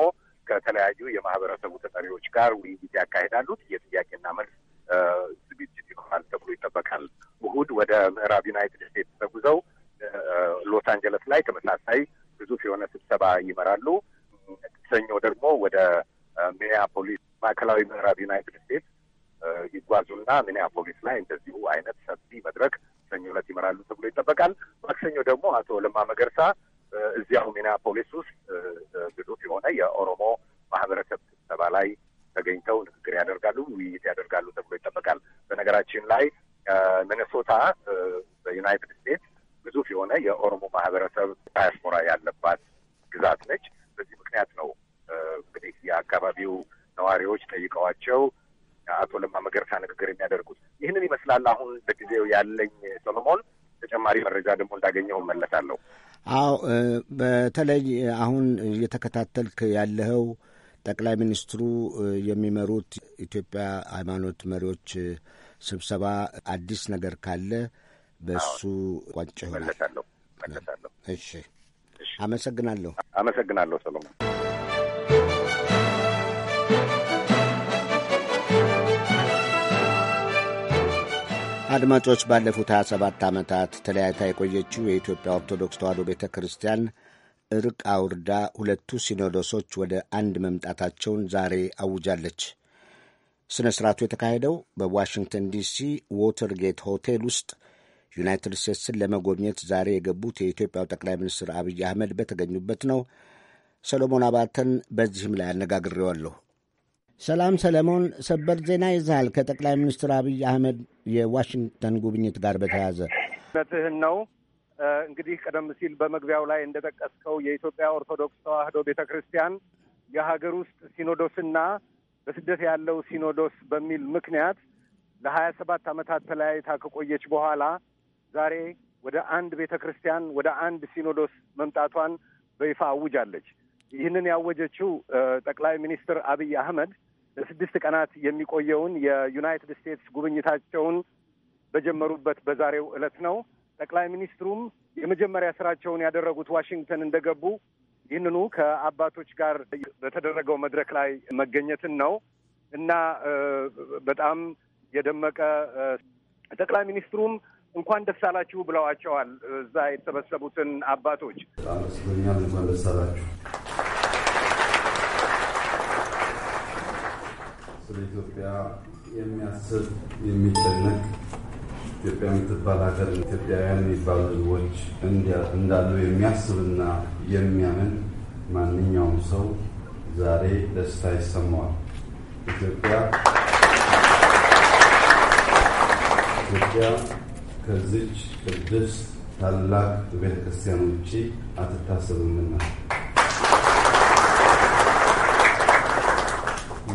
ከተለያዩ የማህበረሰቡ ተጠሪዎች ጋር ውይይት ያካሄዳሉ። የጥያቄና መልስ ዝግጅት ይኖራል ተብሎ ይጠበቃል። እሁድ ወደ ምዕራብ ዩናይትድ ስቴትስ ተጉዘው ሎስ አንጀለስ ላይ ተመሳሳይ ግዙፍ የሆነ ስብሰባ ይመራሉ። ሰኞ ደግሞ ወደ ሚኒያፖሊስ ማዕከላዊ ምዕራብ ዩናይትድ ስቴትስ ይጓዙና ሚኒያፖሊስ ላይ እንደዚሁ አይነት ሰፊ መድረክ ሰኞ ዕለት ይመራሉ ተብሎ ይጠበቃል። ማክሰኞ ደግሞ አቶ ለማ መገርሳ እዚያው ሚኒያፖሊስ ውስጥ ግዙፍ የሆነ የኦሮሞ ማህበረሰብ ስብሰባ ላይ ተገኝተው ንግግር ያደርጋሉ፣ ውይይት ያደርጋሉ ተብሎ ይጠበቃል። በነገራችን ላይ ሚኒሶታ በዩናይትድ ስቴትስ ግዙፍ የሆነ የኦሮሞ ማህበረሰብ ዳያስፖራ ያለባት ግዛት ነች። በዚህ ምክንያት ነው እንግዲህ የአካባቢው ነዋሪዎች ጠይቀዋቸው አቶ ለማ መገርሳ ንግግር የሚያደርጉት ይህንን ይመስላል። አሁን ለጊዜው ያለኝ ሰሎሞን፣ ተጨማሪ መረጃ ደግሞ እንዳገኘው እመለሳለሁ። አዎ፣ በተለይ አሁን እየተከታተልክ ያለኸው ጠቅላይ ሚኒስትሩ የሚመሩት ኢትዮጵያ ሃይማኖት መሪዎች ስብሰባ አዲስ ነገር ካለ በእሱ ቋጭ ይሆናል። እሺ፣ አመሰግናለሁ። አመሰግናለሁ ሰሎሞን። አድማጮች ባለፉት 27 ዓመታት ተለያይታ የቆየችው የኢትዮጵያ ኦርቶዶክስ ተዋሕዶ ቤተ ክርስቲያን እርቅ አውርዳ ሁለቱ ሲኖዶሶች ወደ አንድ መምጣታቸውን ዛሬ አውጃለች። ሥነ ሥርዓቱ የተካሄደው በዋሽንግተን ዲሲ ዎተርጌት ሆቴል ውስጥ ዩናይትድ ስቴትስን ለመጎብኘት ዛሬ የገቡት የኢትዮጵያው ጠቅላይ ሚኒስትር አብይ አህመድ በተገኙበት ነው። ሰሎሞን አባተን በዚህም ላይ አነጋግሬዋለሁ። ሰላም ሰለሞን፣ ሰበር ዜና ይዛል ከጠቅላይ ሚኒስትር አብይ አህመድ የዋሽንግተን ጉብኝት ጋር በተያያዘ ነትህን ነው። እንግዲህ ቀደም ሲል በመግቢያው ላይ እንደጠቀስከው የኢትዮጵያ ኦርቶዶክስ ተዋሕዶ ቤተ ክርስቲያን የሀገር ውስጥ ሲኖዶስና በስደት ያለው ሲኖዶስ በሚል ምክንያት ለሀያ ሰባት ዓመታት ተለያይታ ከቆየች በኋላ ዛሬ ወደ አንድ ቤተ ክርስቲያን ወደ አንድ ሲኖዶስ መምጣቷን በይፋ አውጃለች። ይህንን ያወጀችው ጠቅላይ ሚኒስትር አብይ አህመድ ለስድስት ቀናት የሚቆየውን የዩናይትድ ስቴትስ ጉብኝታቸውን በጀመሩበት በዛሬው ዕለት ነው። ጠቅላይ ሚኒስትሩም የመጀመሪያ ስራቸውን ያደረጉት ዋሽንግተን እንደገቡ ይህንኑ ከአባቶች ጋር በተደረገው መድረክ ላይ መገኘትን ነው እና በጣም የደመቀ ጠቅላይ ሚኒስትሩም እንኳን ደስ አላችሁ ብለዋቸዋል። እዛ የተሰበሰቡትን አባቶች አመስገኛል። እንኳን ደስ አላችሁ። ስለ ኢትዮጵያ የሚያስብ የሚጨነቅ ኢትዮጵያ የምትባል ሀገር ኢትዮጵያውያን የሚባሉ ሕዝቦች እንዳሉ የሚያስብና የሚያምን ማንኛውም ሰው ዛሬ ደስታ ይሰማዋል። ኢትዮጵያ ከዚች ቅድስት ታላቅ ቤተ ክርስቲያን ውጭ አትታሰብምና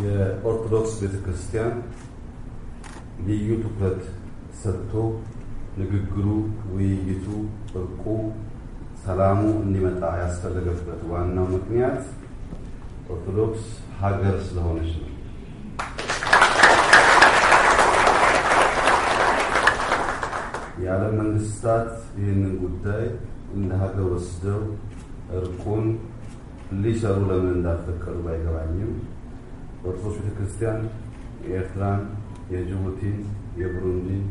የኦርቶዶክስ ቤተ ክርስቲያን ልዩ ትኩረት ሰጥቶ ንግግሩ፣ ውይይቱ፣ እርቁ፣ ሰላሙ እንዲመጣ ያስፈለገበት ዋናው ምክንያት ኦርቶዶክስ ሀገር ስለሆነች ነው። የዓለም መንግስታት ይህንን ጉዳይ እንደ ሀገር ወስደው እርቁን ሊሰሩ ለምን እንዳልፈቀዱ ባይገባኝም ኦርቶዶክስ ቤተክርስቲያን የኤርትራን፣ የጅቡቲን፣ የቡሩንዲን፣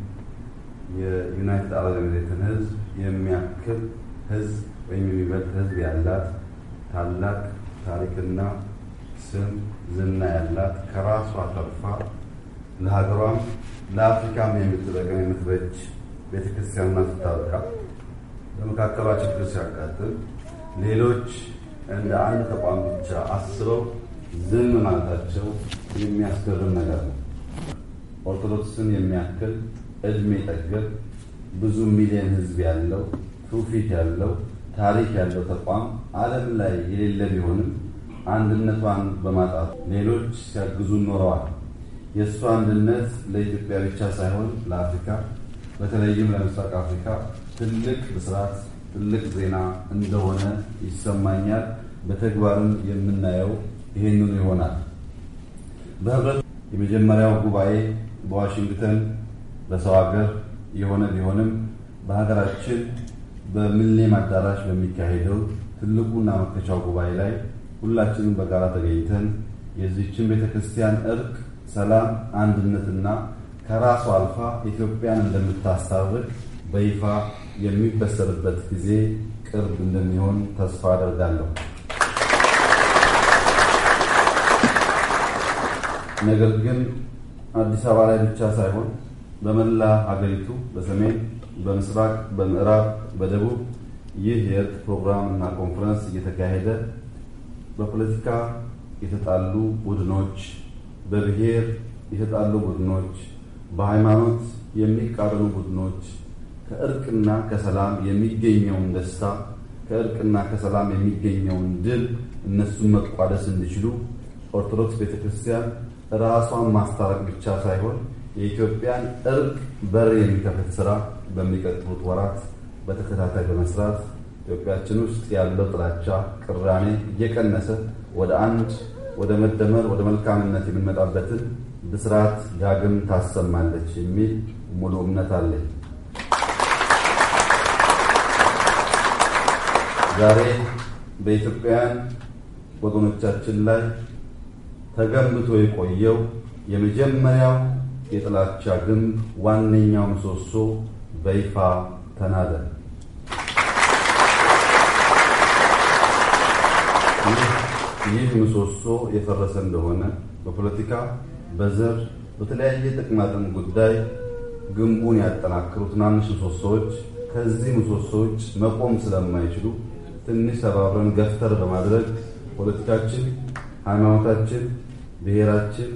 የዩናይትድ አረብ ኤሚሬትን ህዝብ የሚያክል ህዝብ ወይም የሚበልጥ ህዝብ ያላት ታላቅ ታሪክና ስም ዝና ያላት ከራሷ ተርፋ ለሀገሯም ለአፍሪካም የምትጠቅም የምትበጅ ቤተክርስቲያንና ስታበቃ በመካከላችን ችግር ሲያጋጥም ሌሎች እንደ አንድ ተቋም ብቻ አስበው ዝም ማለታቸው የሚያስገርም ነገር ነው። ኦርቶዶክስን የሚያክል እድሜ ጠገብ ብዙ ሚሊዮን ሕዝብ ያለው ትውፊት ያለው ታሪክ ያለው ተቋም ዓለም ላይ የሌለ ቢሆንም አንድነቷን በማጣት ሌሎች ሲያግዙ ኖረዋል። የእሷ አንድነት ለኢትዮጵያ ብቻ ሳይሆን ለአፍሪካ በተለይም ለምስራቅ አፍሪካ ትልቅ ብስራት፣ ትልቅ ዜና እንደሆነ ይሰማኛል። በተግባርም የምናየው ይሄንኑ ይሆናል። በህብረት የመጀመሪያው ጉባኤ በዋሽንግተን በሰው ሀገር የሆነ ቢሆንም በሀገራችን በሚሊኒየም አዳራሽ በሚካሄደው ትልቁና መክፈቻው ጉባኤ ላይ ሁላችንም በጋራ ተገኝተን የዚህችን ቤተክርስቲያን እርቅ፣ ሰላም፣ አንድነትና ከራሱ አልፋ ኢትዮጵያን እንደምታስታርቅ በይፋ የሚበሰርበት ጊዜ ቅርብ እንደሚሆን ተስፋ አደርጋለሁ። ነገር ግን አዲስ አበባ ላይ ብቻ ሳይሆን በመላ ሀገሪቱ በሰሜን፣ በምስራቅ፣ በምዕራብ፣ በደቡብ ይህ የእርቅ ፕሮግራም እና ኮንፈረንስ እየተካሄደ በፖለቲካ የተጣሉ ቡድኖች፣ በብሔር የተጣሉ ቡድኖች በሃይማኖት የሚቃረኑ ቡድኖች ከእርቅና ከሰላም የሚገኘውን ደስታ ከእርቅና ከሰላም የሚገኘውን ድል እነሱን መቋደስ እንዲችሉ ኦርቶዶክስ ቤተክርስቲያን ራሷን ማስታረቅ ብቻ ሳይሆን የኢትዮጵያን እርቅ በር የሚከፍት ስራ በሚቀጥሉት ወራት በተከታታይ በመስራት ኢትዮጵያችን ውስጥ ያለው ጥላቻ፣ ቅራኔ እየቀነሰ ወደ አንድ፣ ወደ መደመር፣ ወደ መልካምነት የምንመጣበትን ብስራት ዳግም ታሰማለች የሚል ሙሉ እምነት አለኝ። ዛሬ በኢትዮጵያውያን ወገኖቻችን ላይ ተገንብቶ የቆየው የመጀመሪያው የጥላቻ ግንብ ዋነኛው ምሰሶ በይፋ ተናደ። ይህ ምሰሶ የፈረሰ እንደሆነ በፖለቲካ በዘር በተለያየ ጥቅማጥም ጉዳይ ግንቡን ያጠናክሩ ትናንሽ ምሰሶዎች ከዚህ ምሰሶዎች መቆም ስለማይችሉ ትንሽ ተባብረን ገፍተር በማድረግ ፖለቲካችን፣ ሃይማኖታችን፣ ብሔራችን፣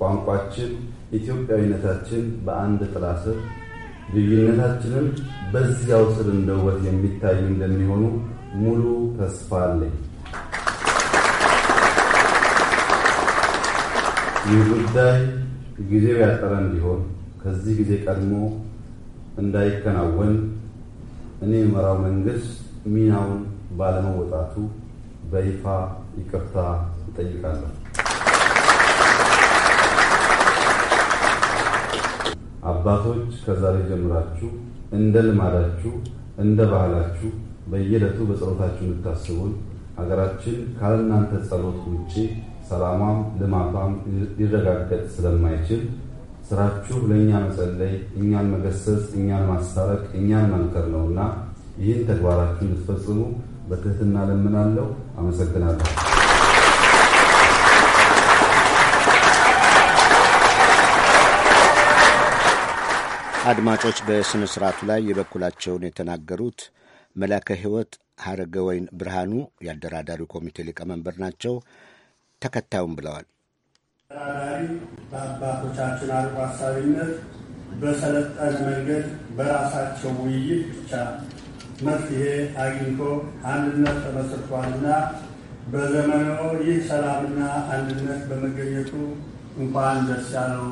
ቋንቋችን፣ ኢትዮጵያዊነታችን በአንድ ጥላ ስር ልዩነታችንም በዚያው ስር ውበት የሚታይ እንደሚሆኑ ሙሉ ተስፋ አለኝ። ይህ ጉዳይ ጊዜው ያጠረ እንዲሆን ከዚህ ጊዜ ቀድሞ እንዳይከናወን እኔ የመራው መንግስት ሚናውን ባለመወጣቱ በይፋ ይቅርታ እጠይቃለሁ። አባቶች ከዛሬ ጀምራችሁ እንደ ልማዳችሁ እንደ ባህላችሁ በየዕለቱ በጸሎታችሁ እንድታስቡን ሀገራችን ካለእናንተ ጸሎት ውጪ ሰላሟም ልማቷም ሊረጋገጥ ስለማይችል ስራችሁ ለእኛ መጸለይ፣ እኛን መገሰጽ፣ እኛን ማስታረቅ፣ እኛን መምከር ነውና ይህን ተግባራችሁን ልትፈጽሙ በትህትና ለምናለሁ። አመሰግናለሁ። አድማጮች በሥነ ሥርዓቱ ላይ የበኩላቸውን የተናገሩት መላከ ሕይወት ሀረገወይን ብርሃኑ የአደራዳሪው ኮሚቴ ሊቀመንበር ናቸው። ተከታዩም ብለዋል። ተራራሪ በአባቶቻችን አርቆ አሳቢነት በሰለጠነ መንገድ በራሳቸው ውይይት ብቻ መፍትሄ አግኝቶ አንድነት ተመስርቷልና በዘመኑ ይህ ሰላምና አንድነት በመገኘቱ እንኳን ደስ ያለው።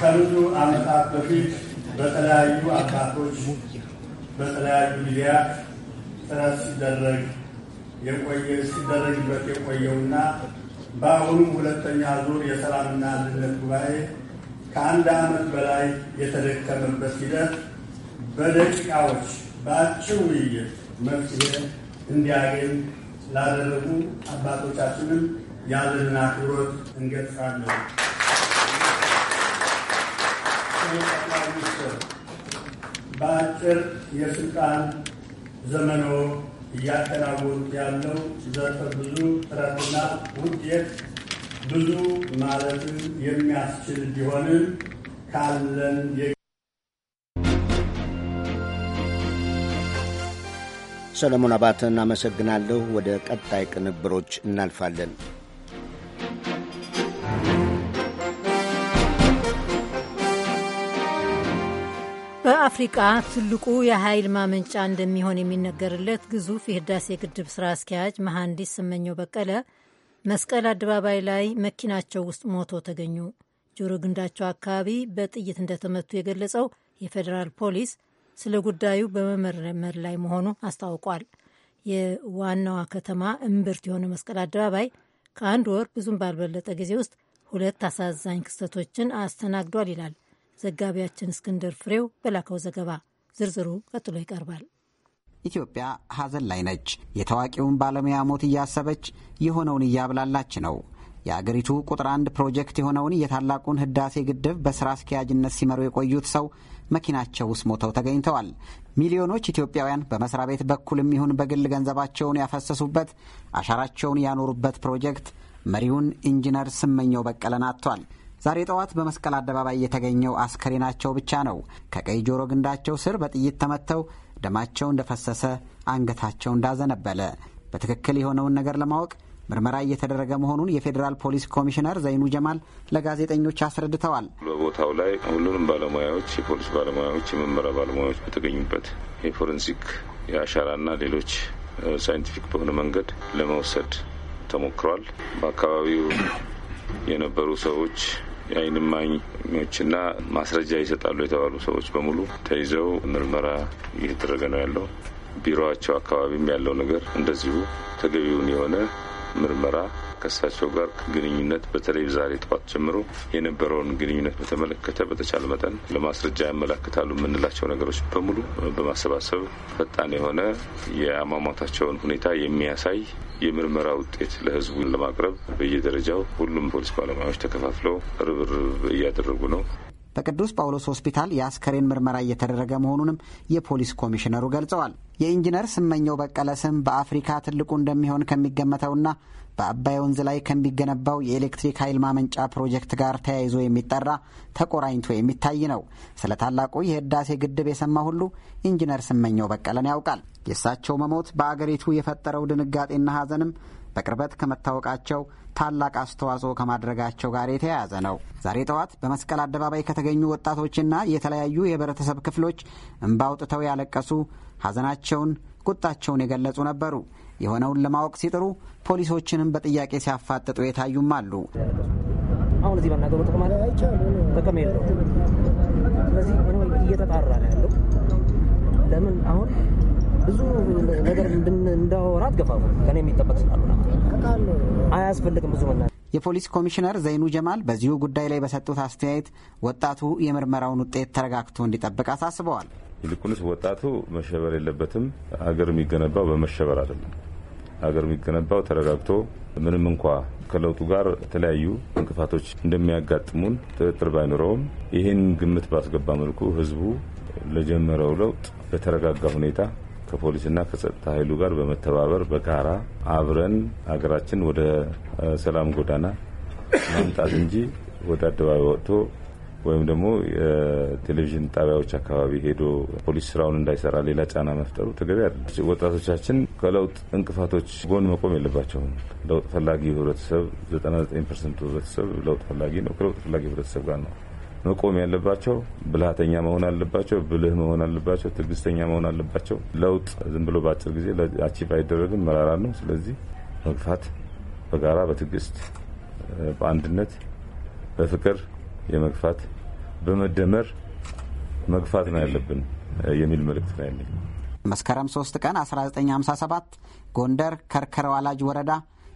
ከብዙ ዓመታት በፊት በተለያዩ አባቶች በተለያዩ ጊዜያት ጥረት ሲደረግ የቆየ ሲደረግበት የቆየውና በአሁኑ ሁለተኛ ዙር የሰላምና አንድነት ጉባኤ ከአንድ ዓመት በላይ የተደከመበት ሂደት በደቂቃዎች በአጭር ውይይት መፍትሄ እንዲያገኝ ላደረጉ አባቶቻችንም ያለንን አክብሮት እንገልጻለን። ጠቅላይ ሚኒስትር በአጭር የስልጣን ዘመኖ እያከናወኑት ያለው ዘርፈ ብዙ ጥረትና ውጤት ብዙ ማለትም የሚያስችል ቢሆንም ካለን ሰለሞን አባተ እናመሰግናለሁ። ወደ ቀጣይ ቅንብሮች እናልፋለን። በአፍሪቃ ትልቁ የኃይል ማመንጫ እንደሚሆን የሚነገርለት ግዙፍ የህዳሴ ግድብ ስራ አስኪያጅ መሐንዲስ ስመኘው በቀለ መስቀል አደባባይ ላይ መኪናቸው ውስጥ ሞቶ ተገኙ። ጆሮ ግንዳቸው አካባቢ በጥይት እንደተመቱ የገለጸው የፌዴራል ፖሊስ ስለ ጉዳዩ በመመርመር ላይ መሆኑ አስታውቋል። የዋናዋ ከተማ እምብርት የሆነ መስቀል አደባባይ ከአንድ ወር ብዙም ባልበለጠ ጊዜ ውስጥ ሁለት አሳዛኝ ክስተቶችን አስተናግዷል ይላል ዘጋቢያችን እስክንድር ፍሬው በላከው ዘገባ ዝርዝሩ ቀጥሎ ይቀርባል። ኢትዮጵያ ሀዘን ላይ ነች። የታዋቂውን ባለሙያ ሞት እያሰበች የሆነውን እያብላላች ነው። የአገሪቱ ቁጥር አንድ ፕሮጀክት የሆነውን የታላቁን ህዳሴ ግድብ በስራ አስኪያጅነት ሲመሩ የቆዩት ሰው መኪናቸው ውስጥ ሞተው ተገኝተዋል። ሚሊዮኖች ኢትዮጵያውያን በመስሪያ ቤት በኩል ይሁን በግል ገንዘባቸውን ያፈሰሱበት፣ አሻራቸውን ያኖሩበት ፕሮጀክት መሪውን ኢንጂነር ስመኘው በቀለን አጥቷል። ዛሬ ጠዋት በመስቀል አደባባይ የተገኘው አስከሬናቸው ብቻ ነው። ከቀይ ጆሮ ግንዳቸው ስር በጥይት ተመተው ደማቸው እንደፈሰሰ፣ አንገታቸው እንዳዘነበለ በትክክል የሆነውን ነገር ለማወቅ ምርመራ እየተደረገ መሆኑን የፌዴራል ፖሊስ ኮሚሽነር ዘይኑ ጀማል ለጋዜጠኞች አስረድተዋል። በቦታው ላይ ሁሉንም ባለሙያዎች፣ የፖሊስ ባለሙያዎች፣ የምርመራ ባለሙያዎች በተገኙበት የፎረንሲክ የአሻራና ሌሎች ሳይንቲፊክ በሆነ መንገድ ለመውሰድ ተሞክሯል። በአካባቢው የነበሩ ሰዎች የአይን እማኞችና ማስረጃ ይሰጣሉ የተባሉ ሰዎች በሙሉ ተይዘው ምርመራ እየተደረገ ነው ያለው። ቢሮቸው አካባቢም ያለው ነገር እንደዚሁ ተገቢውን የሆነ ምርመራ ከሳቸው ጋር ግንኙነት በተለይ ዛሬ ጠዋት ጀምሮ የነበረውን ግንኙነት በተመለከተ በተቻለ መጠን ለማስረጃ ያመላክታሉ የምንላቸው ነገሮች በሙሉ በማሰባሰብ ፈጣን የሆነ የአሟሟታቸውን ሁኔታ የሚያሳይ የምርመራ ውጤት ለህዝቡ ለማቅረብ በየደረጃው ሁሉም ፖሊስ ባለሙያዎች ተከፋፍለው ርብርብ እያደረጉ ነው። በቅዱስ ጳውሎስ ሆስፒታል የአስከሬን ምርመራ እየተደረገ መሆኑንም የፖሊስ ኮሚሽነሩ ገልጸዋል። የኢንጂነር ስመኘው በቀለ ስም በአፍሪካ ትልቁ እንደሚሆን ከሚገመተውና በአባይ ወንዝ ላይ ከሚገነባው የኤሌክትሪክ ኃይል ማመንጫ ፕሮጀክት ጋር ተያይዞ የሚጠራ ተቆራኝቶ የሚታይ ነው። ስለ ታላቁ የህዳሴ ግድብ የሰማ ሁሉ ኢንጂነር ስመኘው በቀለን ያውቃል። የእሳቸው መሞት በአገሪቱ የፈጠረው ድንጋጤና ሐዘንም በቅርበት ከመታወቃቸው ታላቅ አስተዋጽኦ ከማድረጋቸው ጋር የተያያዘ ነው። ዛሬ ጠዋት በመስቀል አደባባይ ከተገኙ ወጣቶችና የተለያዩ የህብረተሰብ ክፍሎች እንባ አውጥተው ያለቀሱ፣ ሐዘናቸውን፣ ቁጣቸውን የገለጹ ነበሩ። የሆነውን ለማወቅ ሲጥሩ ፖሊሶችንም በጥያቄ ሲያፋጥጡ የታዩም አሉ። አሁን እዚህ መናገሩ ጥቅም አለ ጥቅም የለው። ስለዚህ እየተጣራ ነው ያለው። ለምን አሁን ብዙ ነገር እንዳወራ አትገፋፉ። ከኔ የሚጠበቅ ስላሉ አያስፈልግም ብዙ መናገር። የፖሊስ ኮሚሽነር ዘይኑ ጀማል በዚሁ ጉዳይ ላይ በሰጡት አስተያየት ወጣቱ የምርመራውን ውጤት ተረጋግቶ እንዲጠብቅ አሳስበዋል። ይልቁንስ ወጣቱ መሸበር የለበትም። ሀገር የሚገነባው በመሸበር አይደለም። ሀገር የሚገነባው ተረጋግቶ ምንም እንኳ ከለውጡ ጋር የተለያዩ እንቅፋቶች እንደሚያጋጥሙን ጥርጥር ባይኖረውም ይህን ግምት ባስገባ መልኩ ህዝቡ ለጀመረው ለውጥ በተረጋጋ ሁኔታ ከፖሊስና ከጸጥታ ኃይሉ ጋር በመተባበር በጋራ አብረን ሀገራችን ወደ ሰላም ጎዳና ማምጣት እንጂ ወደ አደባባይ ወጥቶ ወይም ደግሞ የቴሌቪዥን ጣቢያዎች አካባቢ ሄዶ ፖሊስ ስራውን እንዳይሰራ ሌላ ጫና መፍጠሩ ተገቢ አይደለም። ወጣቶቻችን ከለውጥ እንቅፋቶች ጎን መቆም የለባቸውም። ለውጥ ፈላጊ ህብረተሰብ 99 ፐርሰንቱ ህብረተሰብ ለውጥ ፈላጊ ነው። ከለውጥ ፈላጊ ህብረተሰብ ጋር ነው መቆም ያለባቸው። ብልሃተኛ መሆን አለባቸው። ብልህ መሆን አለባቸው። ትዕግስተኛ መሆን አለባቸው። ለውጥ ዝም ብሎ በአጭር ጊዜ አቺቭ አይደረግም፣ መራራ ነው። ስለዚህ መግፋት በጋራ በትዕግስት በአንድነት በፍቅር የመግፋት በመደመር መግፋት ነው ያለብን የሚል መልእክት ነው ያለኝ። መስከረም 3 ቀን 1957 ጎንደር ከርከረ ዋላጅ ወረዳ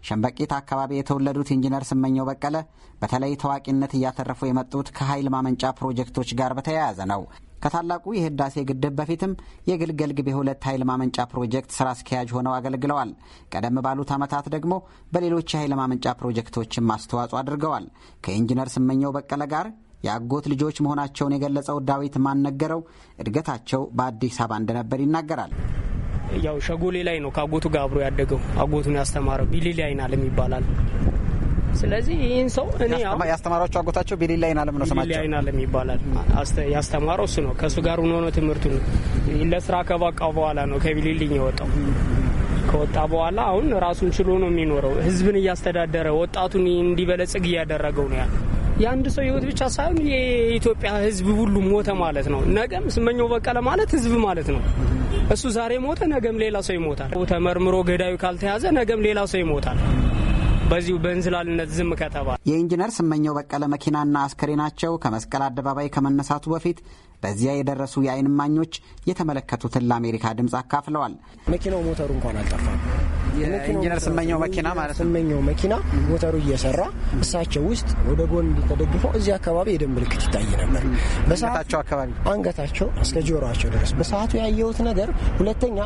ሸምበቂት አካባቢ የተወለዱት ኢንጂነር ስመኘው በቀለ በተለይ ታዋቂነት እያተረፉ የመጡት ከኃይል ማመንጫ ፕሮጀክቶች ጋር በተያያዘ ነው። ከታላቁ የህዳሴ ግድብ በፊትም የግልገል ግቤ ሁለት ኃይል ማመንጫ ፕሮጀክት ስራ አስኪያጅ ሆነው አገልግለዋል። ቀደም ባሉት ዓመታት ደግሞ በሌሎች የኃይል ማመንጫ ፕሮጀክቶችም አስተዋጽኦ አድርገዋል። ከኢንጂነር ስመኘው በቀለ ጋር የአጎት ልጆች መሆናቸውን የገለጸው ዳዊት ማንነገረው እድገታቸው በአዲስ አበባ እንደነበር ይናገራል። ያው ሸጎሌ ላይ ነው ከአጎቱ ጋር አብሮ ያደገው። አጎቱን ያስተማረው ቢሊሊ አይናለም ይባላል። ስለዚህ ይህን ሰው እኔ ያስተማራቸው አጎታቸው ቢሊሊ አይናለም ነው ስማቸው። ቢሊሊ አይናለም ይባላል። ያስተማረው እሱ ነው። ከእሱ ጋር ሆኖ ነው ትምህርቱን ለስራ ከባቃ በኋላ ነው ከቢሊሊኝ የወጣው። ከወጣ በኋላ አሁን ራሱን ችሎ ነው የሚኖረው። ህዝብን እያስተዳደረ ወጣቱን እንዲበለጽግ እያደረገው ነው ያለ የአንድ ሰው ህይወት ብቻ ሳይሆን የኢትዮጵያ ህዝብ ሁሉ ሞተ ማለት ነው። ነገም ስመኘው በቀለ ማለት ህዝብ ማለት ነው። እሱ ዛሬ ሞተ፣ ነገም ሌላ ሰው ይሞታል። ተመርምሮ ገዳዩ ካልተያዘ ነገም ሌላ ሰው ይሞታል። በዚሁ በእንዝላልነት ዝም ከተባለ የኢንጂነር ስመኘው በቀለ መኪናና አስከሬናቸው ከመስቀል አደባባይ ከመነሳቱ በፊት በዚያ የደረሱ የአይን እማኞች የተመለከቱትን ለአሜሪካ ድምፅ አካፍለዋል። መኪናው ሞተሩ እንኳን አልጠፋም። የኢንጂነር ስመኘው መኪና ማለት ነው። ስመኘው መኪና ሞተሩ እየሰራ እሳቸው ውስጥ ወደ ጎን ተደግፈው እዚህ አካባቢ የደም ምልክት ይታይ ነበር። በሰዓታቸው አካባቢ አንገታቸው እስከ ጆሮቸው ድረስ በሰዓቱ ያየሁት ነገር፣ ሁለተኛ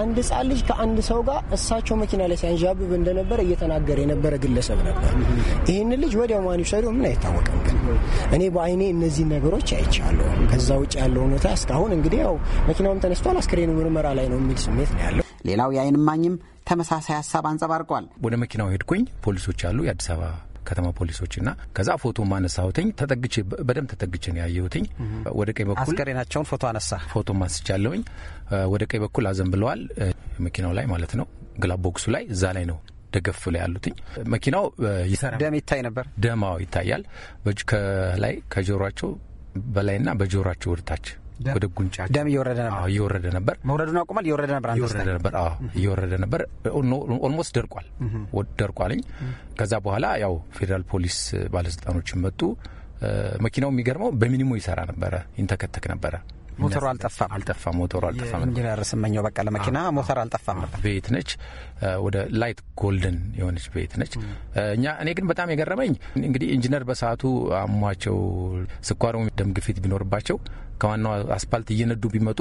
አንድ ሕፃን ልጅ ከአንድ ሰው ጋር እሳቸው መኪና ላይ ሲያንዣብብ እንደነበረ እየተናገረ የነበረ ግለሰብ ነበር። ይህን ልጅ ወዲያው ማን ይውሰደው ምን አይታወቅም። ግን እኔ በአይኔ እነዚህ ነገሮች አይቻለሁ። ከዛ ውጭ ያለው ሁኔታ እስካሁን እንግዲህ ያው መኪናውም ተነስቷል፣ አስክሬኑ ምርመራ ላይ ነው የሚል ስሜት ነው ያለው። ሌላው የአይን እማኝም ተመሳሳይ ሀሳብ አንጸባርቋል። ወደ መኪናው ሄድኩኝ። ፖሊሶች አሉ የአዲስ አበባ ከተማ ፖሊሶች እና ከዛ ፎቶ ማነሳሁትኝ ተጠግቼ በደንብ ተጠግቼ ነው ያየሁትኝ። ወደ ቀኝ በኩል አስከሬናቸውን ፎቶ አነሳ ፎቶ ማስቻለውኝ። ወደ ቀኝ በኩል አዘን ብለዋል መኪናው ላይ ማለት ነው ግላብ ቦክሱ ላይ እዛ ላይ ነው ደገፍ ላይ ያሉትኝ መኪናው ደም ይታይ ነበር። ደማው ይታያል ከላይ ከጆሯቸው በላይና በጆሯቸው ወደታች ወደ ጉንጫቸው ደም እየወረደ ነበር እየወረደ ነበር። መውረዱን አቁማል እየወረደ ነበር እየወረደ ነበር። አዎ እየወረደ ነበር። ኦልሞስት ደርቋል ደርቋልኝ። ከዛ በኋላ ያው ፌዴራል ፖሊስ ባለስልጣኖች መጡ። መኪናው የሚገርመው በሚኒሞ ይሰራ ነበረ፣ ይንተከተክ ነበረ። ሞተሩ አልጠፋም አልጠፋም። ሞተሩ አልጠፋም። ኢንጂነር ስመኘው በቃ ለመኪና ሞተር አልጠፋም ነበር። ቤት ነች፣ ወደ ላይት ጎልደን የሆነች ቤት ነች። እኛ እኔ ግን በጣም የገረመኝ እንግዲህ ኢንጂነር በሰዓቱ አሟቸው ስኳር፣ ደም ግፊት ቢኖርባቸው ከዋናው አስፓልት እየነዱ ቢመጡ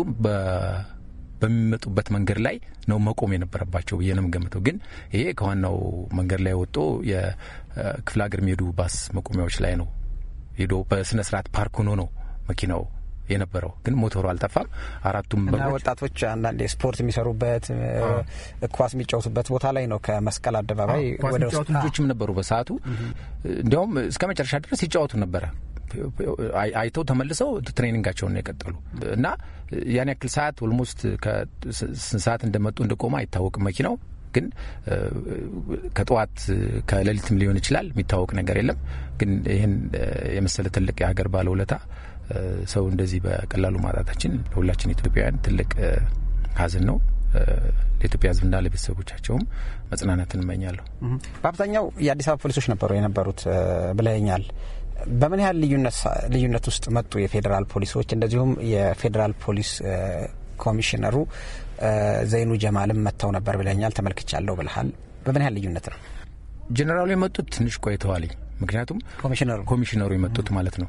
በሚመጡበት መንገድ ላይ ነው መቆም የነበረባቸው ብዬ ነው የምገምተው። ግን ይሄ ከዋናው መንገድ ላይ ወጥቶ የክፍለ ሀገር የሚሄዱ ባስ መቆሚያዎች ላይ ነው ሄዶ በስነ ስርዓት ፓርክ ሆኖ ነው መኪናው የነበረው ግን ሞተሩ አልጠፋም። አራቱም ወጣቶች አንዳንድ ስፖርት የሚሰሩበት ኳስ የሚጫወቱበት ቦታ ላይ ነው። ከመስቀል አደባባይ ወደ ልጆችም ነበሩ በሰዓቱ እንዲያውም እስከ መጨረሻ ድረስ ይጫወቱ ነበረ። አይተው ተመልሰው ትሬኒንጋቸውን ነው የቀጠሉ እና ያን ያክል ሰዓት ኦልሞስት ከስንት ሰዓት እንደመጡ እንደቆመ አይታወቅም መኪናው ግን ከጠዋት ከሌሊትም ሊሆን ይችላል የሚታወቅ ነገር የለም። ግን ይህን የመሰለ ትልቅ የሀገር ባለውለታ ሰው እንደዚህ በቀላሉ ማጣታችን ለሁላችን ኢትዮጵያውያን ትልቅ ሀዘን ነው። ለኢትዮጵያ ሕዝብና ለቤተሰቦቻቸውም መጽናናት እንመኛለሁ። በአብዛኛው የአዲስ አበባ ፖሊሶች ነበሩ የነበሩት ብለኛል። በምን ያህል ልዩነት ውስጥ መጡ የፌዴራል ፖሊሶች? እንደዚሁም የፌዴራል ፖሊስ ኮሚሽነሩ ዘይኑ ጀማልም መጥተው ነበር ብለኛል፣ ተመልክቻለሁ ብልሃል። በምን ያህል ልዩነት ነው? ጀኔራሉ የመጡት ትንሽ ቆይተዋል ምክንያቱም ኮሚሽነሩ ኮሚሽነሩ የመጡት ማለት ነው።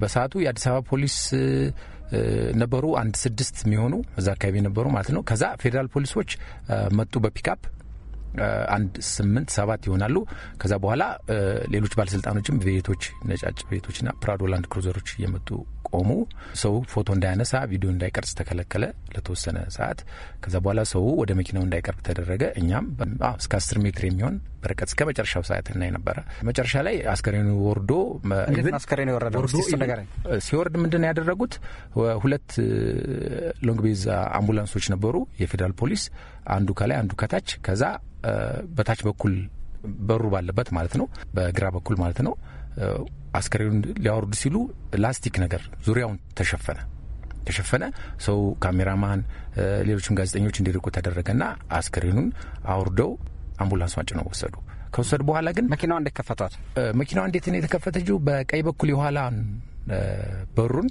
በሰዓቱ የአዲስ አበባ ፖሊስ ነበሩ፣ አንድ ስድስት የሚሆኑ እዛ አካባቢ ነበሩ ማለት ነው። ከዛ ፌዴራል ፖሊሶች መጡ በፒካፕ አንድ ስምንት ሰባት ይሆናሉ። ከዛ በኋላ ሌሎች ባለስልጣኖችም ቤቶች፣ ነጫጭ ቤቶችና ፕራዶ ላንድ ክሩዘሮች እየመጡ ቆሙ። ሰው ፎቶ እንዳያነሳ፣ ቪዲዮ እንዳይቀርጽ ተከለከለ ለተወሰነ ሰዓት። ከዛ በኋላ ሰው ወደ መኪናው እንዳይቀርብ ተደረገ። እኛም እስከ አስር ሜትር የሚሆን በርቀት እስከ መጨረሻው ሰዓት ና ነበረ መጨረሻ ላይ አስከሬኑ ወርዶ አስከሬኑ ሲወርድ ምንድን ነው ያደረጉት? ሁለት ሎንግ ቤዝ አምቡላንሶች ነበሩ የፌዴራል ፖሊስ፣ አንዱ ከላይ አንዱ ከታች። ከዛ በታች በኩል በሩ ባለበት ማለት ነው፣ በግራ በኩል ማለት ነው። አስከሬኑን ሊያወርዱ ሲሉ ላስቲክ ነገር ዙሪያውን ተሸፈነ ተሸፈነ። ሰው ካሜራማን፣ ሌሎችም ጋዜጠኞች እንዲርቁ ተደረገና አስከሬኑን አውርደው አምቡላንስ ማጭ ነው ወሰዱ። ከወሰዱ በኋላ ግን መኪናዋ እንዴት ከፈቷት? መኪናዋ እንዴት ነው የተከፈተችው? በቀኝ በኩል የኋላን በሩን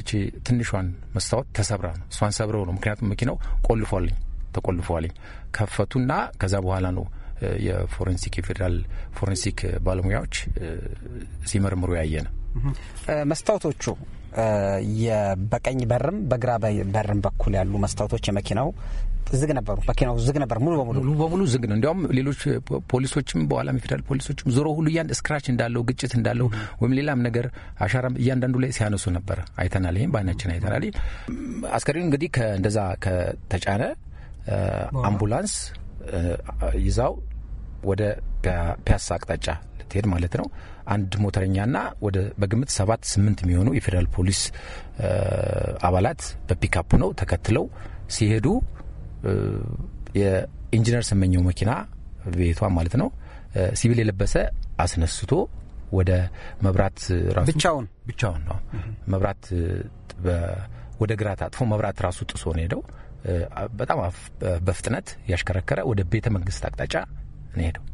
እቺ ትንሿን መስታወት ተሰብራ ነው። እሷን ሰብረው ነው ምክንያቱም መኪናው ቆልፏልኝ ተቆልፏልኝ ከፈቱና ከዛ በኋላ ነው የፎረንሲክ የፌዴራል ፎረንሲክ ባለሙያዎች ሲመርምሩ ያየ ነው። መስታወቶቹ በቀኝ በርም በግራ በርም በኩል ያሉ መስታወቶች የመኪናው ዝግ ነበሩ። መኪናው ዝግ ነበር፣ ሙሉ በሙሉ ሙሉ በሙሉ ዝግ ነው። እንዲያውም ሌሎች ፖሊሶችም በኋላም የፌዴራል ፖሊሶችም ዞሮ ሁሉ እያንድ ስክራች እንዳለው ግጭት እንዳለው ወይም ሌላም ነገር አሻራም እያንዳንዱ ላይ ሲያነሱ ነበር አይተናል። ይህም በአይናችን አይተናል። አስከሬኑ እንግዲህ እንደዛ ከተጫነ አምቡላንስ ይዛው ወደ ፒያሳ አቅጣጫ ልትሄድ ማለት ነው። አንድ ሞተረኛና ወደ በግምት ሰባት ስምንት የሚሆኑ የፌዴራል ፖሊስ አባላት በፒካፕ ነው ተከትለው ሲሄዱ የኢንጂነር ስመኘው መኪና ቤቷ ማለት ነው ሲቪል የለበሰ አስነስቶ ወደ መብራት ራሱ ብቻውን ብቻውን ነው መብራት ወደ ግራ ታጥፎ መብራት ራሱ ጥሶ ነው ሄደው በጣም በፍጥነት ያሽከረከረ ወደ ቤተ መንግስት አቅጣጫ ነው ሄደው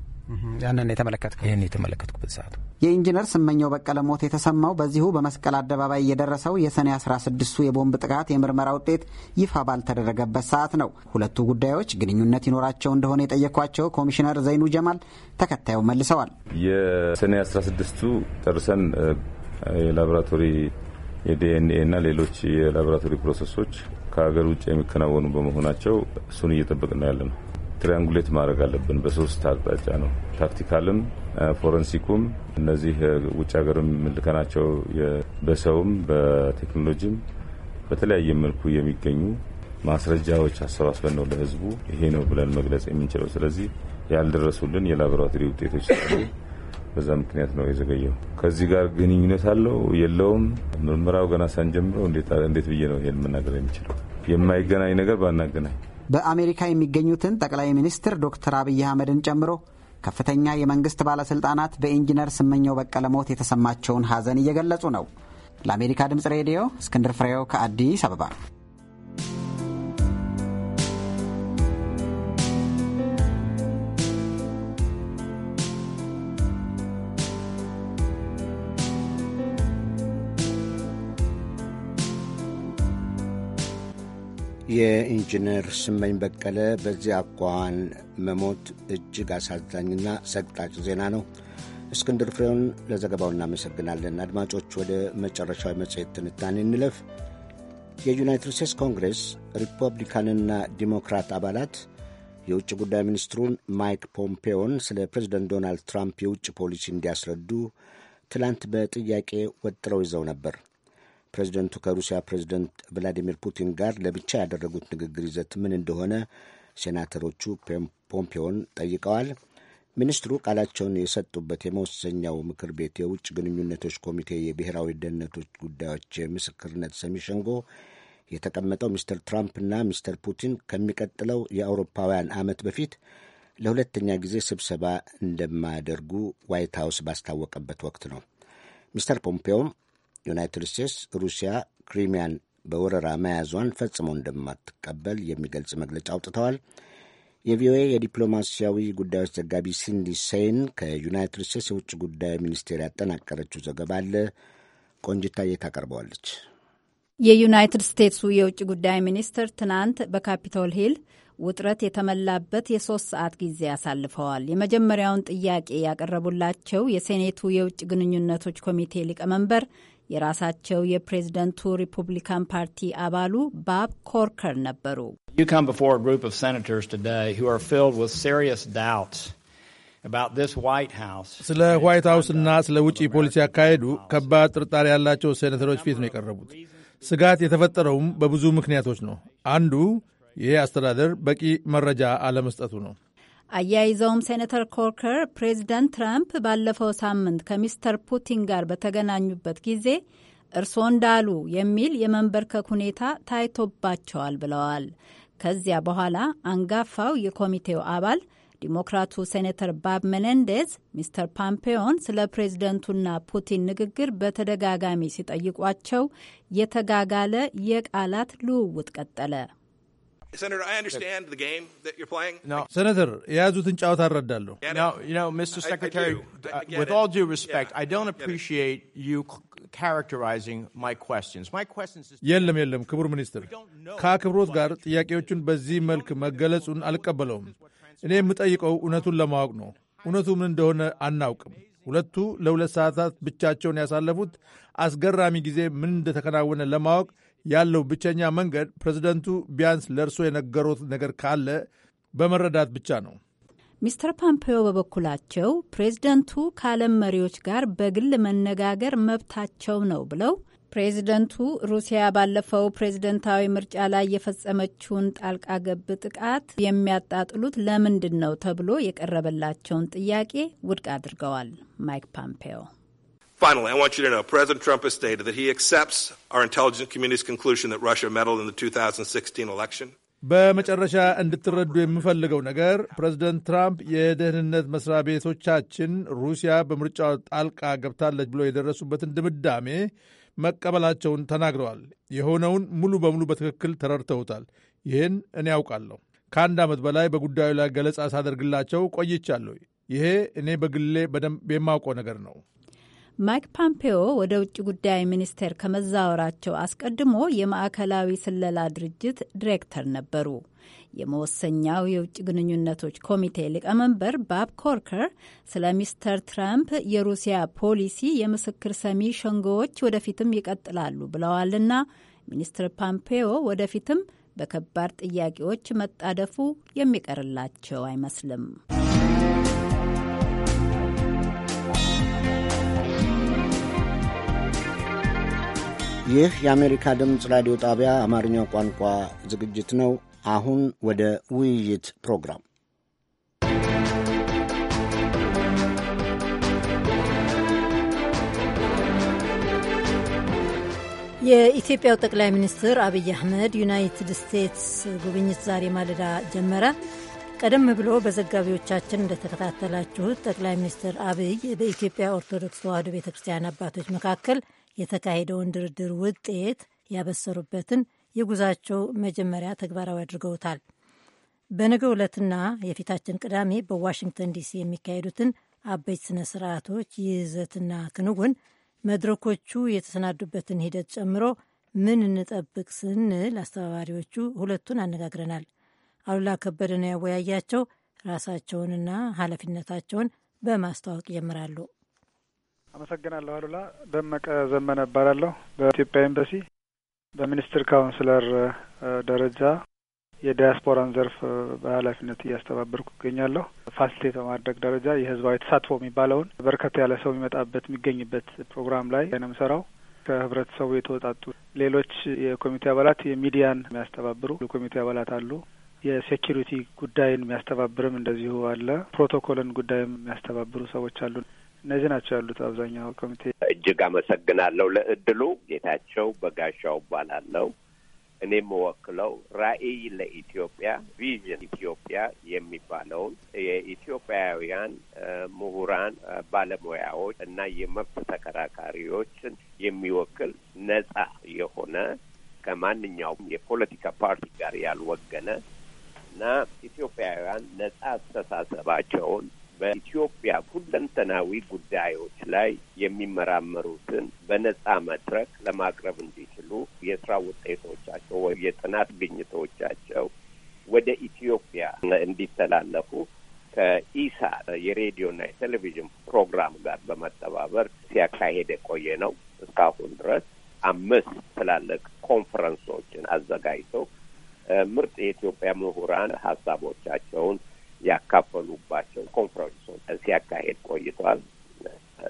ያንን የተመለከትኩ ይህን የተመለከትኩበት ሰዓቱ የኢንጂነር ስመኘው በቀለ ሞት የተሰማው በዚሁ በመስቀል አደባባይ የደረሰው የሰኔ 16 ስድስቱ የቦምብ ጥቃት የምርመራ ውጤት ይፋ ባልተደረገበት ሰዓት ነው። ሁለቱ ጉዳዮች ግንኙነት ይኖራቸው እንደሆነ የጠየኳቸው ኮሚሽነር ዘይኑ ጀማል ተከታዩ መልሰዋል። የሰኔ 16ቱ ጨርሰን የላቦራቶሪ የዲኤንኤ እና ሌሎች የላቦራቶሪ ፕሮሰሶች ከሀገር ውጭ የሚከናወኑ በመሆናቸው እሱን እየጠበቅና ያለ ነው። ትሪያንጉሌት ማድረግ አለብን። በሶስት አቅጣጫ ነው። ታክቲካልም፣ ፎረንሲኩም እነዚህ ውጭ ሀገርም ምልከናቸው በሰውም በቴክኖሎጂም በተለያየ መልኩ የሚገኙ ማስረጃዎች አሰባስበን ነው ለህዝቡ ይሄ ነው ብለን መግለጽ የምንችለው። ስለዚህ ያልደረሱልን የላቦራቶሪ ውጤቶች በዛ ምክንያት ነው የዘገየው። ከዚህ ጋር ግንኙነት አለው የለውም፣ ምርመራው ገና ሳንጀምረው እንዴት ብዬ ነው ይሄን መናገር የሚችለው? የማይገናኝ ነገር ባናገናኝ በአሜሪካ የሚገኙትን ጠቅላይ ሚኒስትር ዶክተር አብይ አህመድን ጨምሮ ከፍተኛ የመንግስት ባለስልጣናት በኢንጂነር ስመኘው በቀለ ሞት የተሰማቸውን ሐዘን እየገለጹ ነው። ለአሜሪካ ድምፅ ሬዲዮ እስክንድር ፍሬው ከአዲስ አበባ የኢንጂነር ስመኝ በቀለ በዚህ አኳኋን መሞት እጅግ አሳዛኝና ሰቅጣጭ ዜና ነው። እስክንድር ፍሬውን ለዘገባው እናመሰግናለን። አድማጮች፣ ወደ መጨረሻዊ መጽሔት ትንታኔ እንለፍ። የዩናይትድ ስቴትስ ኮንግሬስ ሪፐብሊካንና ዲሞክራት አባላት የውጭ ጉዳይ ሚኒስትሩን ማይክ ፖምፔዮን ስለ ፕሬዚደንት ዶናልድ ትራምፕ የውጭ ፖሊሲ እንዲያስረዱ ትላንት በጥያቄ ወጥረው ይዘው ነበር። ፕሬዚደንቱ ከሩሲያ ፕሬዚደንት ቭላዲሚር ፑቲን ጋር ለብቻ ያደረጉት ንግግር ይዘት ምን እንደሆነ ሴናተሮቹ ፖምፒዮን ጠይቀዋል። ሚኒስትሩ ቃላቸውን የሰጡበት የመወሰኛው ምክር ቤት የውጭ ግንኙነቶች ኮሚቴ የብሔራዊ ደህንነቶች ጉዳዮች የምስክርነት ሰሚ ሸንጎ የተቀመጠው ሚስተር ትራምፕና ሚስተር ፑቲን ከሚቀጥለው የአውሮፓውያን ዓመት በፊት ለሁለተኛ ጊዜ ስብሰባ እንደማያደርጉ ዋይት ሀውስ ባስታወቀበት ወቅት ነው። ሚስተር ፖምፒዮም ዩናይትድ ስቴትስ ሩሲያ ክሪሚያን በወረራ መያዟን ፈጽሞ እንደማትቀበል የሚገልጽ መግለጫ አውጥተዋል። የቪኦኤ የዲፕሎማሲያዊ ጉዳዮች ዘጋቢ ሲንዲ ሴይን ከዩናይትድ ስቴትስ የውጭ ጉዳይ ሚኒስቴር ያጠናቀረችው ዘገባ አለ። ቆንጅታዬ ታቀርበዋለች። የዩናይትድ ስቴትሱ የውጭ ጉዳይ ሚኒስትር ትናንት በካፒቶል ሂል ውጥረት የተመላበት የሶስት ሰዓት ጊዜ አሳልፈዋል። የመጀመሪያውን ጥያቄ ያቀረቡላቸው የሴኔቱ የውጭ ግንኙነቶች ኮሚቴ ሊቀመንበር የራሳቸው የፕሬዝደንቱ ሪፑብሊካን ፓርቲ አባሉ ባብ ኮርከር ነበሩ። ስለ ዋይት እና ስለ ውጭ ፖሊሲ ያካሄዱ ከባድ ጥርጣሪ ያላቸው ሴኔተሮች ፊት ነው የቀረቡት። ስጋት የተፈጠረውም በብዙ ምክንያቶች ነው። አንዱ ይሄ አስተዳደር በቂ መረጃ አለመስጠቱ ነው። አያይዘውም ሴኔተር ኮርከር ፕሬዚደንት ትራምፕ ባለፈው ሳምንት ከሚስተር ፑቲን ጋር በተገናኙበት ጊዜ እርስዎ እንዳሉ የሚል የመንበርከክ ሁኔታ ታይቶባቸዋል ብለዋል። ከዚያ በኋላ አንጋፋው የኮሚቴው አባል ዲሞክራቱ ሴኔተር ባብ ሜኔንዴዝ ሚስተር ፓምፔዮን ስለ ፕሬዝደንቱና ፑቲን ንግግር በተደጋጋሚ ሲጠይቋቸው የተጋጋለ የቃላት ልውውጥ ቀጠለ። ሰነተር የያዙትን ጨዋታ አረዳለሁ። የለም የለም፣ ክቡር ሚኒስትር፣ ከአክብሮት ጋር ጥያቄዎቹን በዚህ መልክ መገለጹን አልቀበለውም። እኔ የምጠይቀው እውነቱን ለማወቅ ነው። እውነቱ ምን እንደሆነ አናውቅም። ሁለቱ ለሁለት ሰዓታት ብቻቸውን ያሳለፉት አስገራሚ ጊዜ ምን እንደተከናወነ ለማወቅ ያለው ብቸኛ መንገድ ፕሬዝደንቱ ቢያንስ ለእርሶ የነገሩት ነገር ካለ በመረዳት ብቻ ነው። ሚስተር ፓምፔዮ በበኩላቸው ፕሬዝደንቱ ከዓለም መሪዎች ጋር በግል መነጋገር መብታቸው ነው ብለው ፕሬዝደንቱ ሩሲያ ባለፈው ፕሬዝደንታዊ ምርጫ ላይ የፈጸመችውን ጣልቃ ገብ ጥቃት የሚያጣጥሉት ለምንድን ነው ተብሎ የቀረበላቸውን ጥያቄ ውድቅ አድርገዋል። ማይክ ፓምፔዮ Finally, I want you to know President Trump has stated that he accepts our intelligence community's conclusion that Russia meddled in the 2016 election. በመጨረሻ እንድትረዱ የምፈልገው ነገር ፕሬዚደንት ትራምፕ የደህንነት መስሪያ ቤቶቻችን ሩሲያ በምርጫው ጣልቃ ገብታለች ብሎ የደረሱበትን ድምዳሜ መቀበላቸውን ተናግረዋል። የሆነውን ሙሉ በሙሉ በትክክል ተረድተውታል። ይህን እኔ ያውቃለሁ። ከአንድ ዓመት በላይ በጉዳዩ ላይ ገለጻ ሳደርግላቸው ቆይቻለሁ። ይሄ እኔ በግሌ በደንብ የማውቀው ነገር ነው። ማይክ ፓምፔዮ ወደ ውጭ ጉዳይ ሚኒስቴር ከመዛወራቸው አስቀድሞ የማዕከላዊ ስለላ ድርጅት ዲሬክተር ነበሩ። የመወሰኛው የውጭ ግንኙነቶች ኮሚቴ ሊቀመንበር ባብ ኮርከር ስለ ሚስተር ትራምፕ የሩሲያ ፖሊሲ የምስክር ሰሚ ሸንጎዎች ወደፊትም ይቀጥላሉ ብለዋልና ሚኒስትር ፓምፔዮ ወደፊትም በከባድ ጥያቄዎች መጣደፉ የሚቀርላቸው አይመስልም። ይህ የአሜሪካ ድምፅ ራዲዮ ጣቢያ አማርኛ ቋንቋ ዝግጅት ነው። አሁን ወደ ውይይት ፕሮግራም የኢትዮጵያው ጠቅላይ ሚኒስትር አብይ አህመድ ዩናይትድ ስቴትስ ጉብኝት ዛሬ ማለዳ ጀመረ። ቀደም ብሎ በዘጋቢዎቻችን እንደተከታተላችሁት ጠቅላይ ሚኒስትር አብይ በኢትዮጵያ ኦርቶዶክስ ተዋሕዶ ቤተ ክርስቲያን አባቶች መካከል የተካሄደውን ድርድር ውጤት ያበሰሩበትን የጉዛቸው መጀመሪያ ተግባራዊ አድርገውታል። በነገ ዕለትና የፊታችን ቅዳሜ በዋሽንግተን ዲሲ የሚካሄዱትን አበይት ስነ ስርዓቶች ይዘትና ክንውን መድረኮቹ የተሰናዱበትን ሂደት ጨምሮ ምን እንጠብቅ ስንል አስተባባሪዎቹ ሁለቱን አነጋግረናል። አሉላ ከበደ ነው ያወያያቸው። ራሳቸውንና ኃላፊነታቸውን በማስተዋወቅ ይጀምራሉ። አመሰግናለሁ አሉላ። ደመቀ ዘመነ እባላለሁ። በኢትዮጵያ ኤምባሲ በሚኒስትር ካውንስለር ደረጃ የዲያስፖራን ዘርፍ በኃላፊነት እያስተባበርኩ ይገኛለሁ። ፋሲሊቴት በማድረግ ደረጃ የህዝባዊ ተሳትፎ የሚባለውን በርከት ያለ ሰው የሚመጣበት የሚገኝበት ፕሮግራም ላይ ነው የምሰራው። ከህብረተሰቡ የተወጣጡ ሌሎች የኮሚቴ አባላት የሚዲያን የሚያስተባብሩ የኮሚቴ አባላት አሉ። የሴኪሪቲ ጉዳይን የሚያስተባብርም እንደዚሁ አለ። ፕሮቶኮልን ጉዳይም የሚያስተባብሩ ሰዎች አሉ። እነዚህ ናቸው ያሉት አብዛኛው ኮሚቴ። እጅግ አመሰግናለሁ ለእድሉ። ጌታቸው በጋሻው እባላለሁ። እኔ የምወክለው ራዕይ ለኢትዮጵያ ቪዥን ኢትዮጵያ የሚባለውን የኢትዮጵያውያን ምሁራን፣ ባለሙያዎች እና የመብት ተከራካሪዎችን የሚወክል ነጻ የሆነ ከማንኛውም የፖለቲካ ፓርቲ ጋር ያልወገነ እና ኢትዮጵያውያን ነጻ አስተሳሰባቸውን በኢትዮጵያ ሁለንተናዊ ጉዳዮች ላይ የሚመራመሩትን በነጻ መድረክ ለማቅረብ እንዲችሉ የስራ ውጤቶቻቸው ወይም የጥናት ግኝቶቻቸው ወደ ኢትዮጵያ እንዲተላለፉ ከኢሳ የሬዲዮና የቴሌቪዥን ፕሮግራም ጋር በመተባበር ሲያካሄድ የቆየ ነው። እስካሁን ድረስ አምስት ትላልቅ ኮንፈረንሶችን አዘጋጅቶ ምርጥ የኢትዮጵያ ምሁራን ሀሳቦቻቸውን ያካፈሉባቸው ኮንፈረንሶች ሲያካሄድ ቆይቷል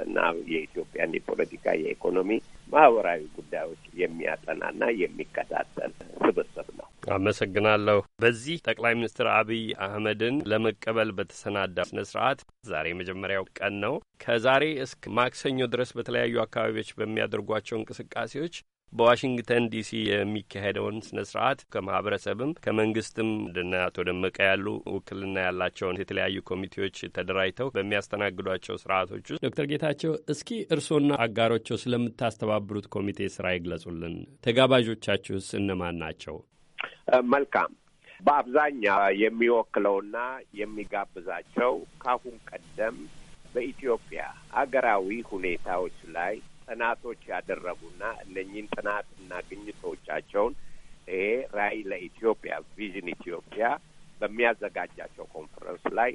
እና የኢትዮጵያን የፖለቲካ፣ የኢኮኖሚ፣ ማህበራዊ ጉዳዮች የሚያጠናና የሚከታተል ስብስብ ነው። አመሰግናለሁ። በዚህ ጠቅላይ ሚኒስትር አብይ አህመድን ለመቀበል በተሰናዳ ስነ ስርዓት ዛሬ የመጀመሪያው ቀን ነው። ከዛሬ እስከ ማክሰኞ ድረስ በተለያዩ አካባቢዎች በሚያደርጓቸው እንቅስቃሴዎች በዋሽንግተን ዲሲ የሚካሄደውን ስነ ስርዓት ከማህበረሰብም ከመንግስትም እንደነ አቶ ደመቀ ያሉ ውክልና ያላቸውን የተለያዩ ኮሚቴዎች ተደራጅተው በሚያስተናግዷቸው ስርዓቶች ውስጥ ዶክተር ጌታቸው እስኪ እርስዎና አጋሮቸው ስለምታስተባብሩት ኮሚቴ ስራ ይግለጹልን። ተጋባዦቻችሁስ እነማን ናቸው? መልካም። በአብዛኛው የሚወክለውና የሚጋብዛቸው ካሁን ቀደም በኢትዮጵያ አገራዊ ሁኔታዎች ላይ ጥናቶች ያደረጉና እነኚህን ጥናትና ግኝቶቻቸውን ይሄ ራዕይ ለኢትዮጵያ ቪዥን ኢትዮጵያ በሚያዘጋጃቸው ኮንፈረንስ ላይ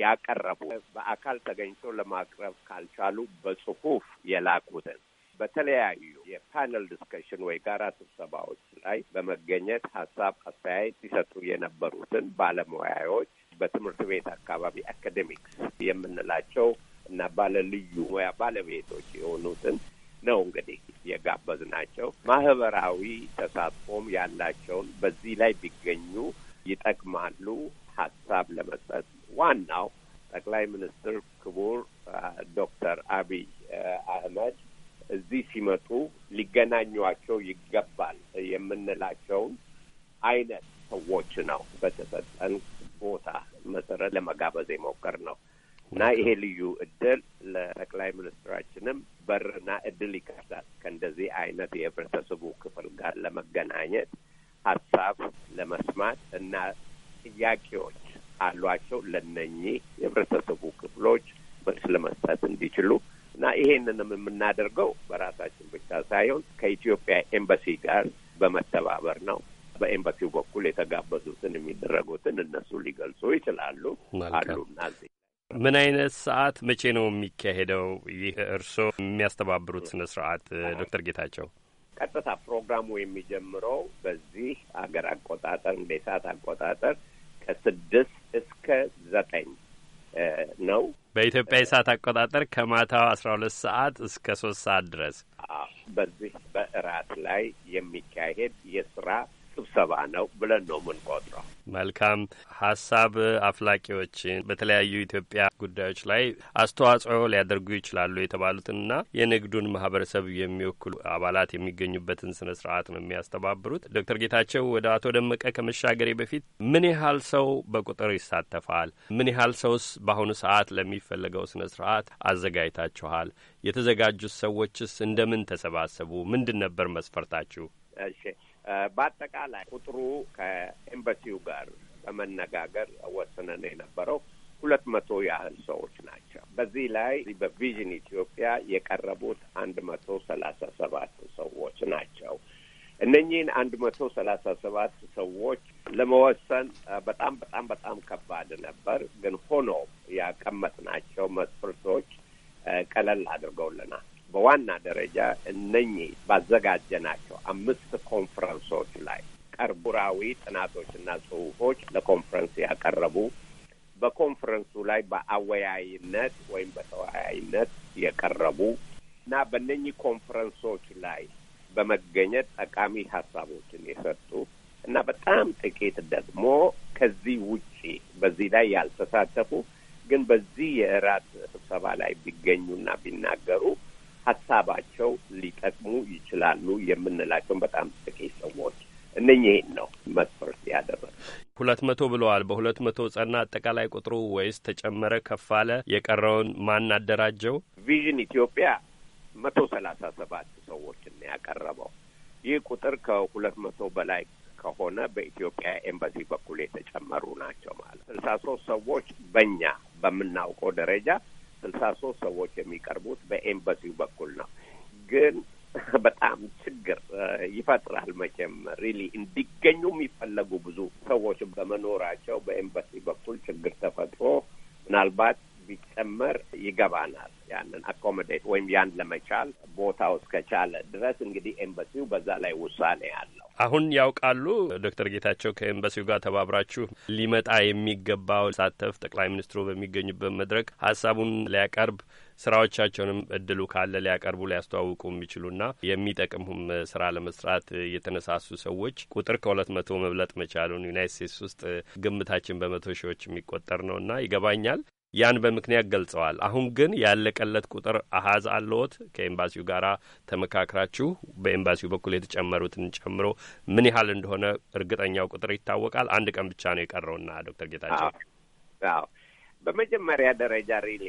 ያቀረቡ በአካል ተገኝቶ ለማቅረብ ካልቻሉ በጽሁፍ የላኩትን በተለያዩ የፓነል ዲስከሽን ወይ ጋራ ስብሰባዎች ላይ በመገኘት ሀሳብ አስተያየት ሲሰጡ የነበሩትን ባለሙያዎች በትምህርት ቤት አካባቢ አካዴሚክስ የምንላቸው እና ባለልዩ ሙያ ባለቤቶች የሆኑትን ነው እንግዲህ የጋበዝ ናቸው ማህበራዊ ተሳትፎም ያላቸውን በዚህ ላይ ቢገኙ ይጠቅማሉ ሀሳብ ለመስጠት ዋናው ጠቅላይ ሚኒስትር ክቡር ዶክተር አብይ አህመድ እዚህ ሲመጡ ሊገናኟቸው ይገባል የምንላቸውን አይነት ሰዎች ነው በተሰጠን ቦታ መሰረት ለመጋበዝ የሞከር ነው። እና ይሄ ልዩ እድል ለጠቅላይ ሚኒስትራችንም በርና እድል ይከፍታል። ከእንደዚህ አይነት የህብረተሰቡ ክፍል ጋር ለመገናኘት ሀሳብ ለመስማት እና ጥያቄዎች አሏቸው ለነኚህ የህብረተሰቡ ክፍሎች መልስ ለመስጠት እንዲችሉ እና ይሄንንም የምናደርገው በራሳችን ብቻ ሳይሆን ከኢትዮጵያ ኤምባሲ ጋር በመተባበር ነው። በኤምባሲው በኩል የተጋበዙትን የሚደረጉትን እነሱ ሊገልጹ ይችላሉ አሉና ምን አይነት ሰዓት፣ መቼ ነው የሚካሄደው ይህ እርስዎ የሚያስተባብሩት ስነ ስርዓት ዶክተር ጌታቸው? ቀጥታ ፕሮግራሙ የሚጀምረው በዚህ አገር አቆጣጠር እንደ ሰዓት አቆጣጠር ከስድስት እስከ ዘጠኝ ነው። በኢትዮጵያ የሰዓት አቆጣጠር ከማታው አስራ ሁለት ሰዓት እስከ ሶስት ሰዓት ድረስ በዚህ በእራት ላይ የሚካሄድ የስራ ስብሰባ ነው ብለን ነው የምንቆጥረው። መልካም ሀሳብ አፍላቂዎችን በተለያዩ ኢትዮጵያ ጉዳዮች ላይ አስተዋጽኦ ሊያደርጉ ይችላሉ የተባሉትንና የንግዱን ማህበረሰብ የሚወክሉ አባላት የሚገኙበትን ስነ ስርዓት ነው የሚያስተባብሩት። ዶክተር ጌታቸው ወደ አቶ ደመቀ ከመሻገሬ በፊት ምን ያህል ሰው በቁጥር ይሳተፋል? ምን ያህል ሰውስ በአሁኑ ሰዓት ለሚፈለገው ስነ ስርዓት አዘጋጅታችኋል? የተዘጋጁት ሰዎችስ እንደምን ተሰባሰቡ? ምንድን ነበር መስፈርታችሁ? በአጠቃላይ ቁጥሩ ከኤምባሲው ጋር በመነጋገር ወስነን የነበረው ሁለት መቶ ያህል ሰዎች ናቸው። በዚህ ላይ በቪዥን ኢትዮጵያ የቀረቡት አንድ መቶ ሰላሳ ሰባት ሰዎች ናቸው። እነኚህን አንድ መቶ ሰላሳ ሰባት ሰዎች ለመወሰን በጣም በጣም በጣም ከባድ ነበር። ግን ሆኖ ያቀመጥናቸው መስፈርቶች ቀለል አድርገውልናል። በዋና ደረጃ እነኚህ ባዘጋጀናቸው አምስት ኮንፈረንሶች ላይ ቀርቡራዊ ጥናቶችና ጽሁፎች ለኮንፈረንስ ያቀረቡ በኮንፈረንሱ ላይ በአወያይነት ወይም በተወያይነት የቀረቡ እና በእነኚህ ኮንፈረንሶች ላይ በመገኘት ጠቃሚ ሀሳቦችን የሰጡ እና በጣም ጥቂት ደግሞ ከዚህ ውጪ በዚህ ላይ ያልተሳተፉ ግን በዚህ የእራት ስብሰባ ላይ ቢገኙና ቢናገሩ ሀሳባቸው ሊጠቅሙ ይችላሉ የምንላቸውን በጣም ጥቂት ሰዎች እነኚህ ነው መስፈርት ያደረገ ሁለት መቶ ብለዋል። በሁለት መቶ ጸና አጠቃላይ ቁጥሩ ወይስ ተጨመረ ከፍ አለ? የቀረውን ማን አደራጀው? ቪዥን ኢትዮጵያ መቶ ሰላሳ ሰባት ሰዎችን ነው ያቀረበው። ይህ ቁጥር ከሁለት መቶ በላይ ከሆነ በኢትዮጵያ ኤምባሲ በኩል የተጨመሩ ናቸው ማለት ስልሳ ሶስት ሰዎች በእኛ በምናውቀው ደረጃ ስልሳ ሶስት ሰዎች የሚቀርቡት በኤምባሲው በኩል ነው። ግን በጣም ችግር ይፈጥራል መቼም ሪሊ እንዲገኙ የሚፈለጉ ብዙ ሰዎች በመኖራቸው በኤምባሲ በኩል ችግር ተፈጥሮ ምናልባት ቢጨመር ይገባናል። ያንን አኮሞዴት ወይም ያን ለመቻል ቦታው እስከቻለ ድረስ እንግዲህ ኤምባሲው በዛ ላይ ውሳኔ አለው። አሁን ያውቃሉ ዶክተር ጌታቸው ከኤምባሲው ጋር ተባብራችሁ ሊመጣ የሚገባው ሳተፍ ጠቅላይ ሚኒስትሩ በሚገኙበት መድረክ ሀሳቡን ሊያቀርብ ስራዎቻቸውንም እድሉ ካለ ሊያቀርቡ ሊያስተዋውቁ የሚችሉና የሚጠቅሙም ስራ ለመስራት የተነሳሱ ሰዎች ቁጥር ከሁለት መቶ መብለጥ መቻሉን ዩናይት ስቴትስ ውስጥ ግምታችን በመቶ ሺዎች የሚቆጠር ነውና ይገባኛል። ያን በምክንያት ገልጸዋል። አሁን ግን ያለቀለት ቁጥር አሀዝ አለዎት? ከኤምባሲው ጋር ተመካክራችሁ በኤምባሲው በኩል የተጨመሩትን ጨምሮ ምን ያህል እንደሆነ እርግጠኛው ቁጥር ይታወቃል? አንድ ቀን ብቻ ነው የቀረውና ዶክተር ጌታቸው አዎ በመጀመሪያ ደረጃ ሪሊ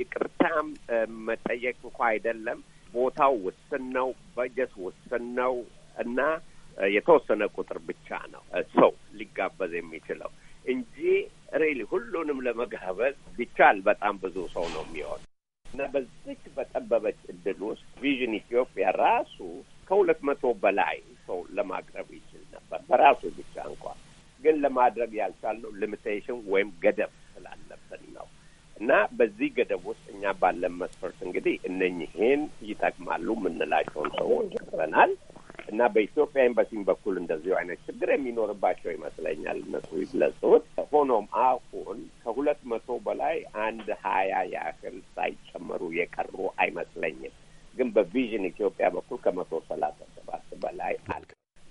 ይቅርታም መጠየቅ እንኳ አይደለም። ቦታው ውስን ነው፣ በጀት ውስን ነው እና የተወሰነ ቁጥር ብቻ ነው ሰው ሊጋበዝ የሚችለው እንጂ ሬሊ ሁሉንም ለመጋበዝ ቢቻል በጣም ብዙ ሰው ነው የሚሆን እና በዚች በጠበበች እድል ውስጥ ቪዥን ኢትዮጵያ ራሱ ከሁለት መቶ በላይ ሰው ለማቅረብ ይችል ነበር በራሱ ብቻ እንኳን ግን ለማድረግ ያልቻልነው ሊሚቴሽን ወይም ገደብ ስላለብን ነው እና በዚህ ገደብ ውስጥ እኛ ባለን መስፈርት እንግዲህ እነኝህን ይጠቅማሉ የምንላቸውን ሰዎች ቀርበናል። እና በኢትዮጵያ ኤምባሲም በኩል እንደዚሁ አይነት ችግር የሚኖርባቸው ይመስለኛል እነሱ ይግለጹት። ሆኖም አሁን ከሁለት መቶ በላይ አንድ ሀያ ያህል ሳይጨመሩ የቀሩ አይመስለኝም። ግን በቪዥን ኢትዮጵያ በኩል ከመቶ ሰላሳ ሰባት በላይ አለ።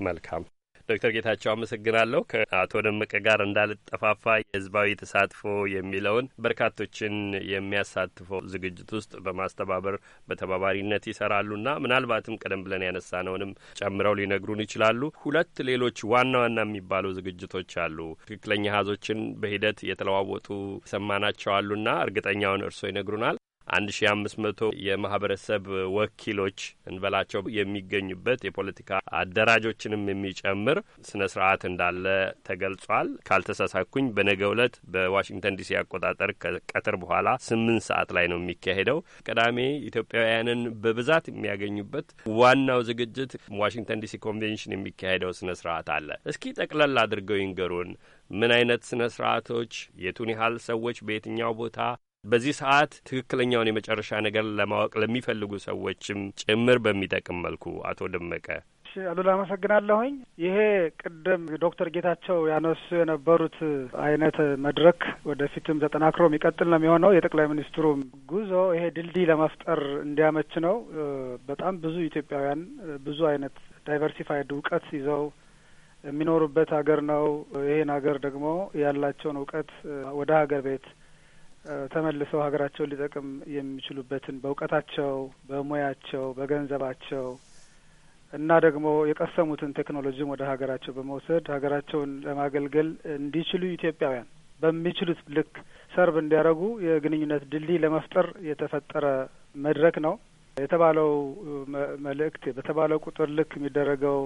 መልካም ዶክተር ጌታቸው አመሰግናለሁ። ከአቶ ደመቀ ጋር እንዳልጠፋፋ የህዝባዊ ተሳትፎ የሚለውን በርካቶችን የሚያሳትፈው ዝግጅት ውስጥ በማስተባበር በተባባሪነት ይሰራሉና ምናልባትም ቀደም ብለን ያነሳነውንም ጨምረው ሊነግሩን ይችላሉ። ሁለት ሌሎች ዋና ዋና የሚባሉ ዝግጅቶች አሉ። ትክክለኛ ሀዞችን በሂደት የተለዋወጡ ሰማናቸው አሉና እርግጠኛውን እርስዎ ይነግሩናል። አንድ ሺ አምስት መቶ የማህበረሰብ ወኪሎች እንበላቸው የሚገኙበት የፖለቲካ አደራጆችንም የሚጨምር ስነ ስርዓት እንዳለ ተገልጿል። ካልተሳሳኩኝ በነገ ዕለት በዋሽንግተን ዲሲ አቆጣጠር ከቀትር በኋላ ስምንት ሰዓት ላይ ነው የሚካሄደው። ቅዳሜ ኢትዮጵያውያንን በብዛት የሚያገኙበት ዋናው ዝግጅት ዋሽንግተን ዲሲ ኮንቬንሽን የሚካሄደው ስነ ስርዓት አለ። እስኪ ጠቅለል አድርገው ይንገሩን። ምን አይነት ስነ ስርዓቶች፣ የቱን ያህል ሰዎች በየትኛው ቦታ በዚህ ሰዓት ትክክለኛውን የመጨረሻ ነገር ለማወቅ ለሚፈልጉ ሰዎችም ጭምር በሚጠቅም መልኩ አቶ ደመቀ አሉላ አመሰግናለሁኝ። ይሄ ቅድም ዶክተር ጌታቸው ያነሱ የነበሩት አይነት መድረክ ወደፊትም ተጠናክሮ የሚቀጥል ነው የሚሆነው። የጠቅላይ ሚኒስትሩ ጉዞ ይሄ ድልድይ ለመፍጠር እንዲያመች ነው። በጣም ብዙ ኢትዮጵያውያን ብዙ አይነት ዳይቨርሲፋይድ እውቀት ይዘው የሚኖሩበት ሀገር ነው። ይሄን ሀገር ደግሞ ያላቸውን እውቀት ወደ ሀገር ቤት ተመልሰው ሀገራቸውን ሊጠቅም የሚችሉበትን በእውቀታቸው፣ በሙያቸው፣ በገንዘባቸው እና ደግሞ የቀሰሙትን ቴክኖሎጂም ወደ ሀገራቸው በመውሰድ ሀገራቸውን ለማገልገል እንዲችሉ ኢትዮጵያውያን በሚችሉት ልክ ሰርብ እንዲያደርጉ የግንኙነት ድልድይ ለመፍጠር የተፈጠረ መድረክ ነው። የተባለው መልእክት በተባለው ቁጥር ልክ የሚደረገው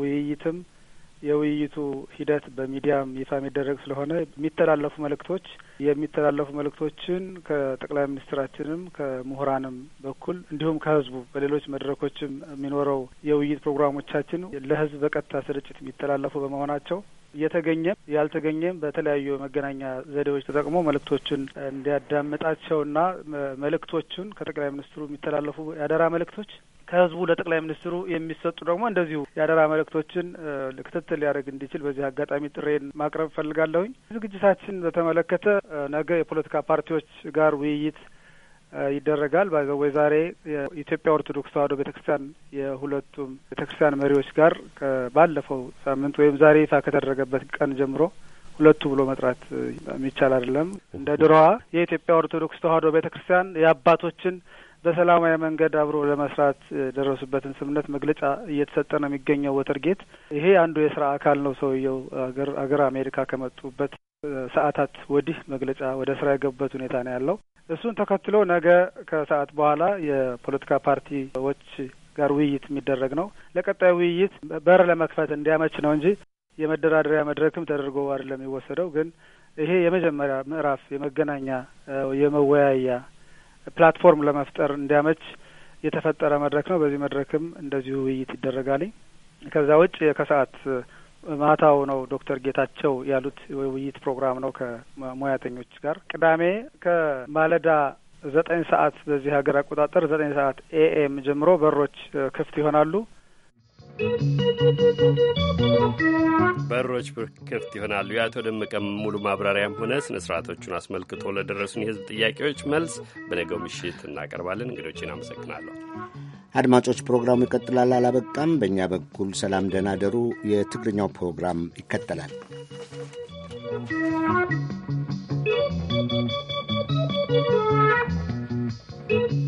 ውይይትም የውይይቱ ሂደት በሚዲያም ይፋ የሚደረግ ስለሆነ የሚተላለፉ መልእክቶች የሚተላለፉ መልእክቶችን ከጠቅላይ ሚኒስትራችንም ከምሁራንም በኩል እንዲሁም ከህዝቡ በሌሎች መድረኮችም የሚኖረው የውይይት ፕሮግራሞቻችን ለህዝብ በቀጥታ ስርጭት የሚተላለፉ በመሆናቸው የተገኘም ያልተገኘም በተለያዩ መገናኛ ዘዴዎች ተጠቅሞ መልእክቶቹን እንዲያዳምጣቸውና መልእክቶቹን ከጠቅላይ ሚኒስትሩ የሚተላለፉ የአደራ መልእክቶች ከህዝቡ ለጠቅላይ ሚኒስትሩ የሚሰጡ ደግሞ እንደዚሁ የአደራ መልእክቶችን ክትትል ሊያደርግ እንዲችል በዚህ አጋጣሚ ጥሬን ማቅረብ እፈልጋለሁኝ። ዝግጅታችን በተመለከተ ነገ የፖለቲካ ፓርቲዎች ጋር ውይይት ይደረጋል። ወይ ዛሬ የኢትዮጵያ ኦርቶዶክስ ተዋሕዶ ቤተ ክርስቲያን የሁለቱም ቤተ ክርስቲያን መሪዎች ጋር ባለፈው ሳምንት ወይም ዛሬ ይፋ ከተደረገበት ቀን ጀምሮ ሁለቱ ብሎ መጥራት የሚቻል አይደለም። እንደ ድሮዋ የኢትዮጵያ ኦርቶዶክስ ተዋዶ ቤተ ክርስቲያን የአባቶችን በሰላማዊ መንገድ አብሮ ለመስራት የደረሱበትን ስምምነት መግለጫ እየተሰጠ ነው የሚገኘው። ወተርጌት ይሄ አንዱ የስራ አካል ነው። ሰውየው አገር አገር አሜሪካ ከመጡበት ሰዓታት ወዲህ መግለጫ ወደ ስራ የገቡበት ሁኔታ ነው ያለው። እሱን ተከትሎ ነገ ከሰዓት በኋላ የፖለቲካ ፓርቲዎች ጋር ውይይት የሚደረግ ነው። ለቀጣዩ ውይይት በር ለመክፈት እንዲያመች ነው እንጂ የመደራደሪያ መድረክም ተደርጎ አይደለም የሚወሰደው። ግን ይሄ የመጀመሪያ ምዕራፍ የመገናኛ የመወያያ ፕላትፎርም ለመፍጠር እንዲያመች የተፈጠረ መድረክ ነው። በዚህ መድረክም እንደዚሁ ውይይት ይደረጋል። ከዛ ውጭ ከሰዓት ማታው ነው ዶክተር ጌታቸው ያሉት ውይይት ፕሮግራም ነው ከሙያተኞች ጋር ቅዳሜ ከማለዳ ዘጠኝ ሰዓት በዚህ ሀገር አቆጣጠር ዘጠኝ ሰዓት ኤኤም ጀምሮ በሮች ክፍት ይሆናሉ። በሮች ክፍት ይሆናሉ። የአቶ ደመቀ ሙሉ ማብራሪያም ሆነ ስነ ስርዓቶቹን አስመልክቶ ለደረሱን የህዝብ ጥያቄዎች መልስ በነገው ምሽት እናቀርባለን። እንግዶችን አመሰግናለሁ። አድማጮች፣ ፕሮግራሙ ይቀጥላል፣ አላበቃም። በእኛ በኩል ሰላም፣ ደህና ደሩ። የትግርኛው ፕሮግራም ይከተላል። Thank you.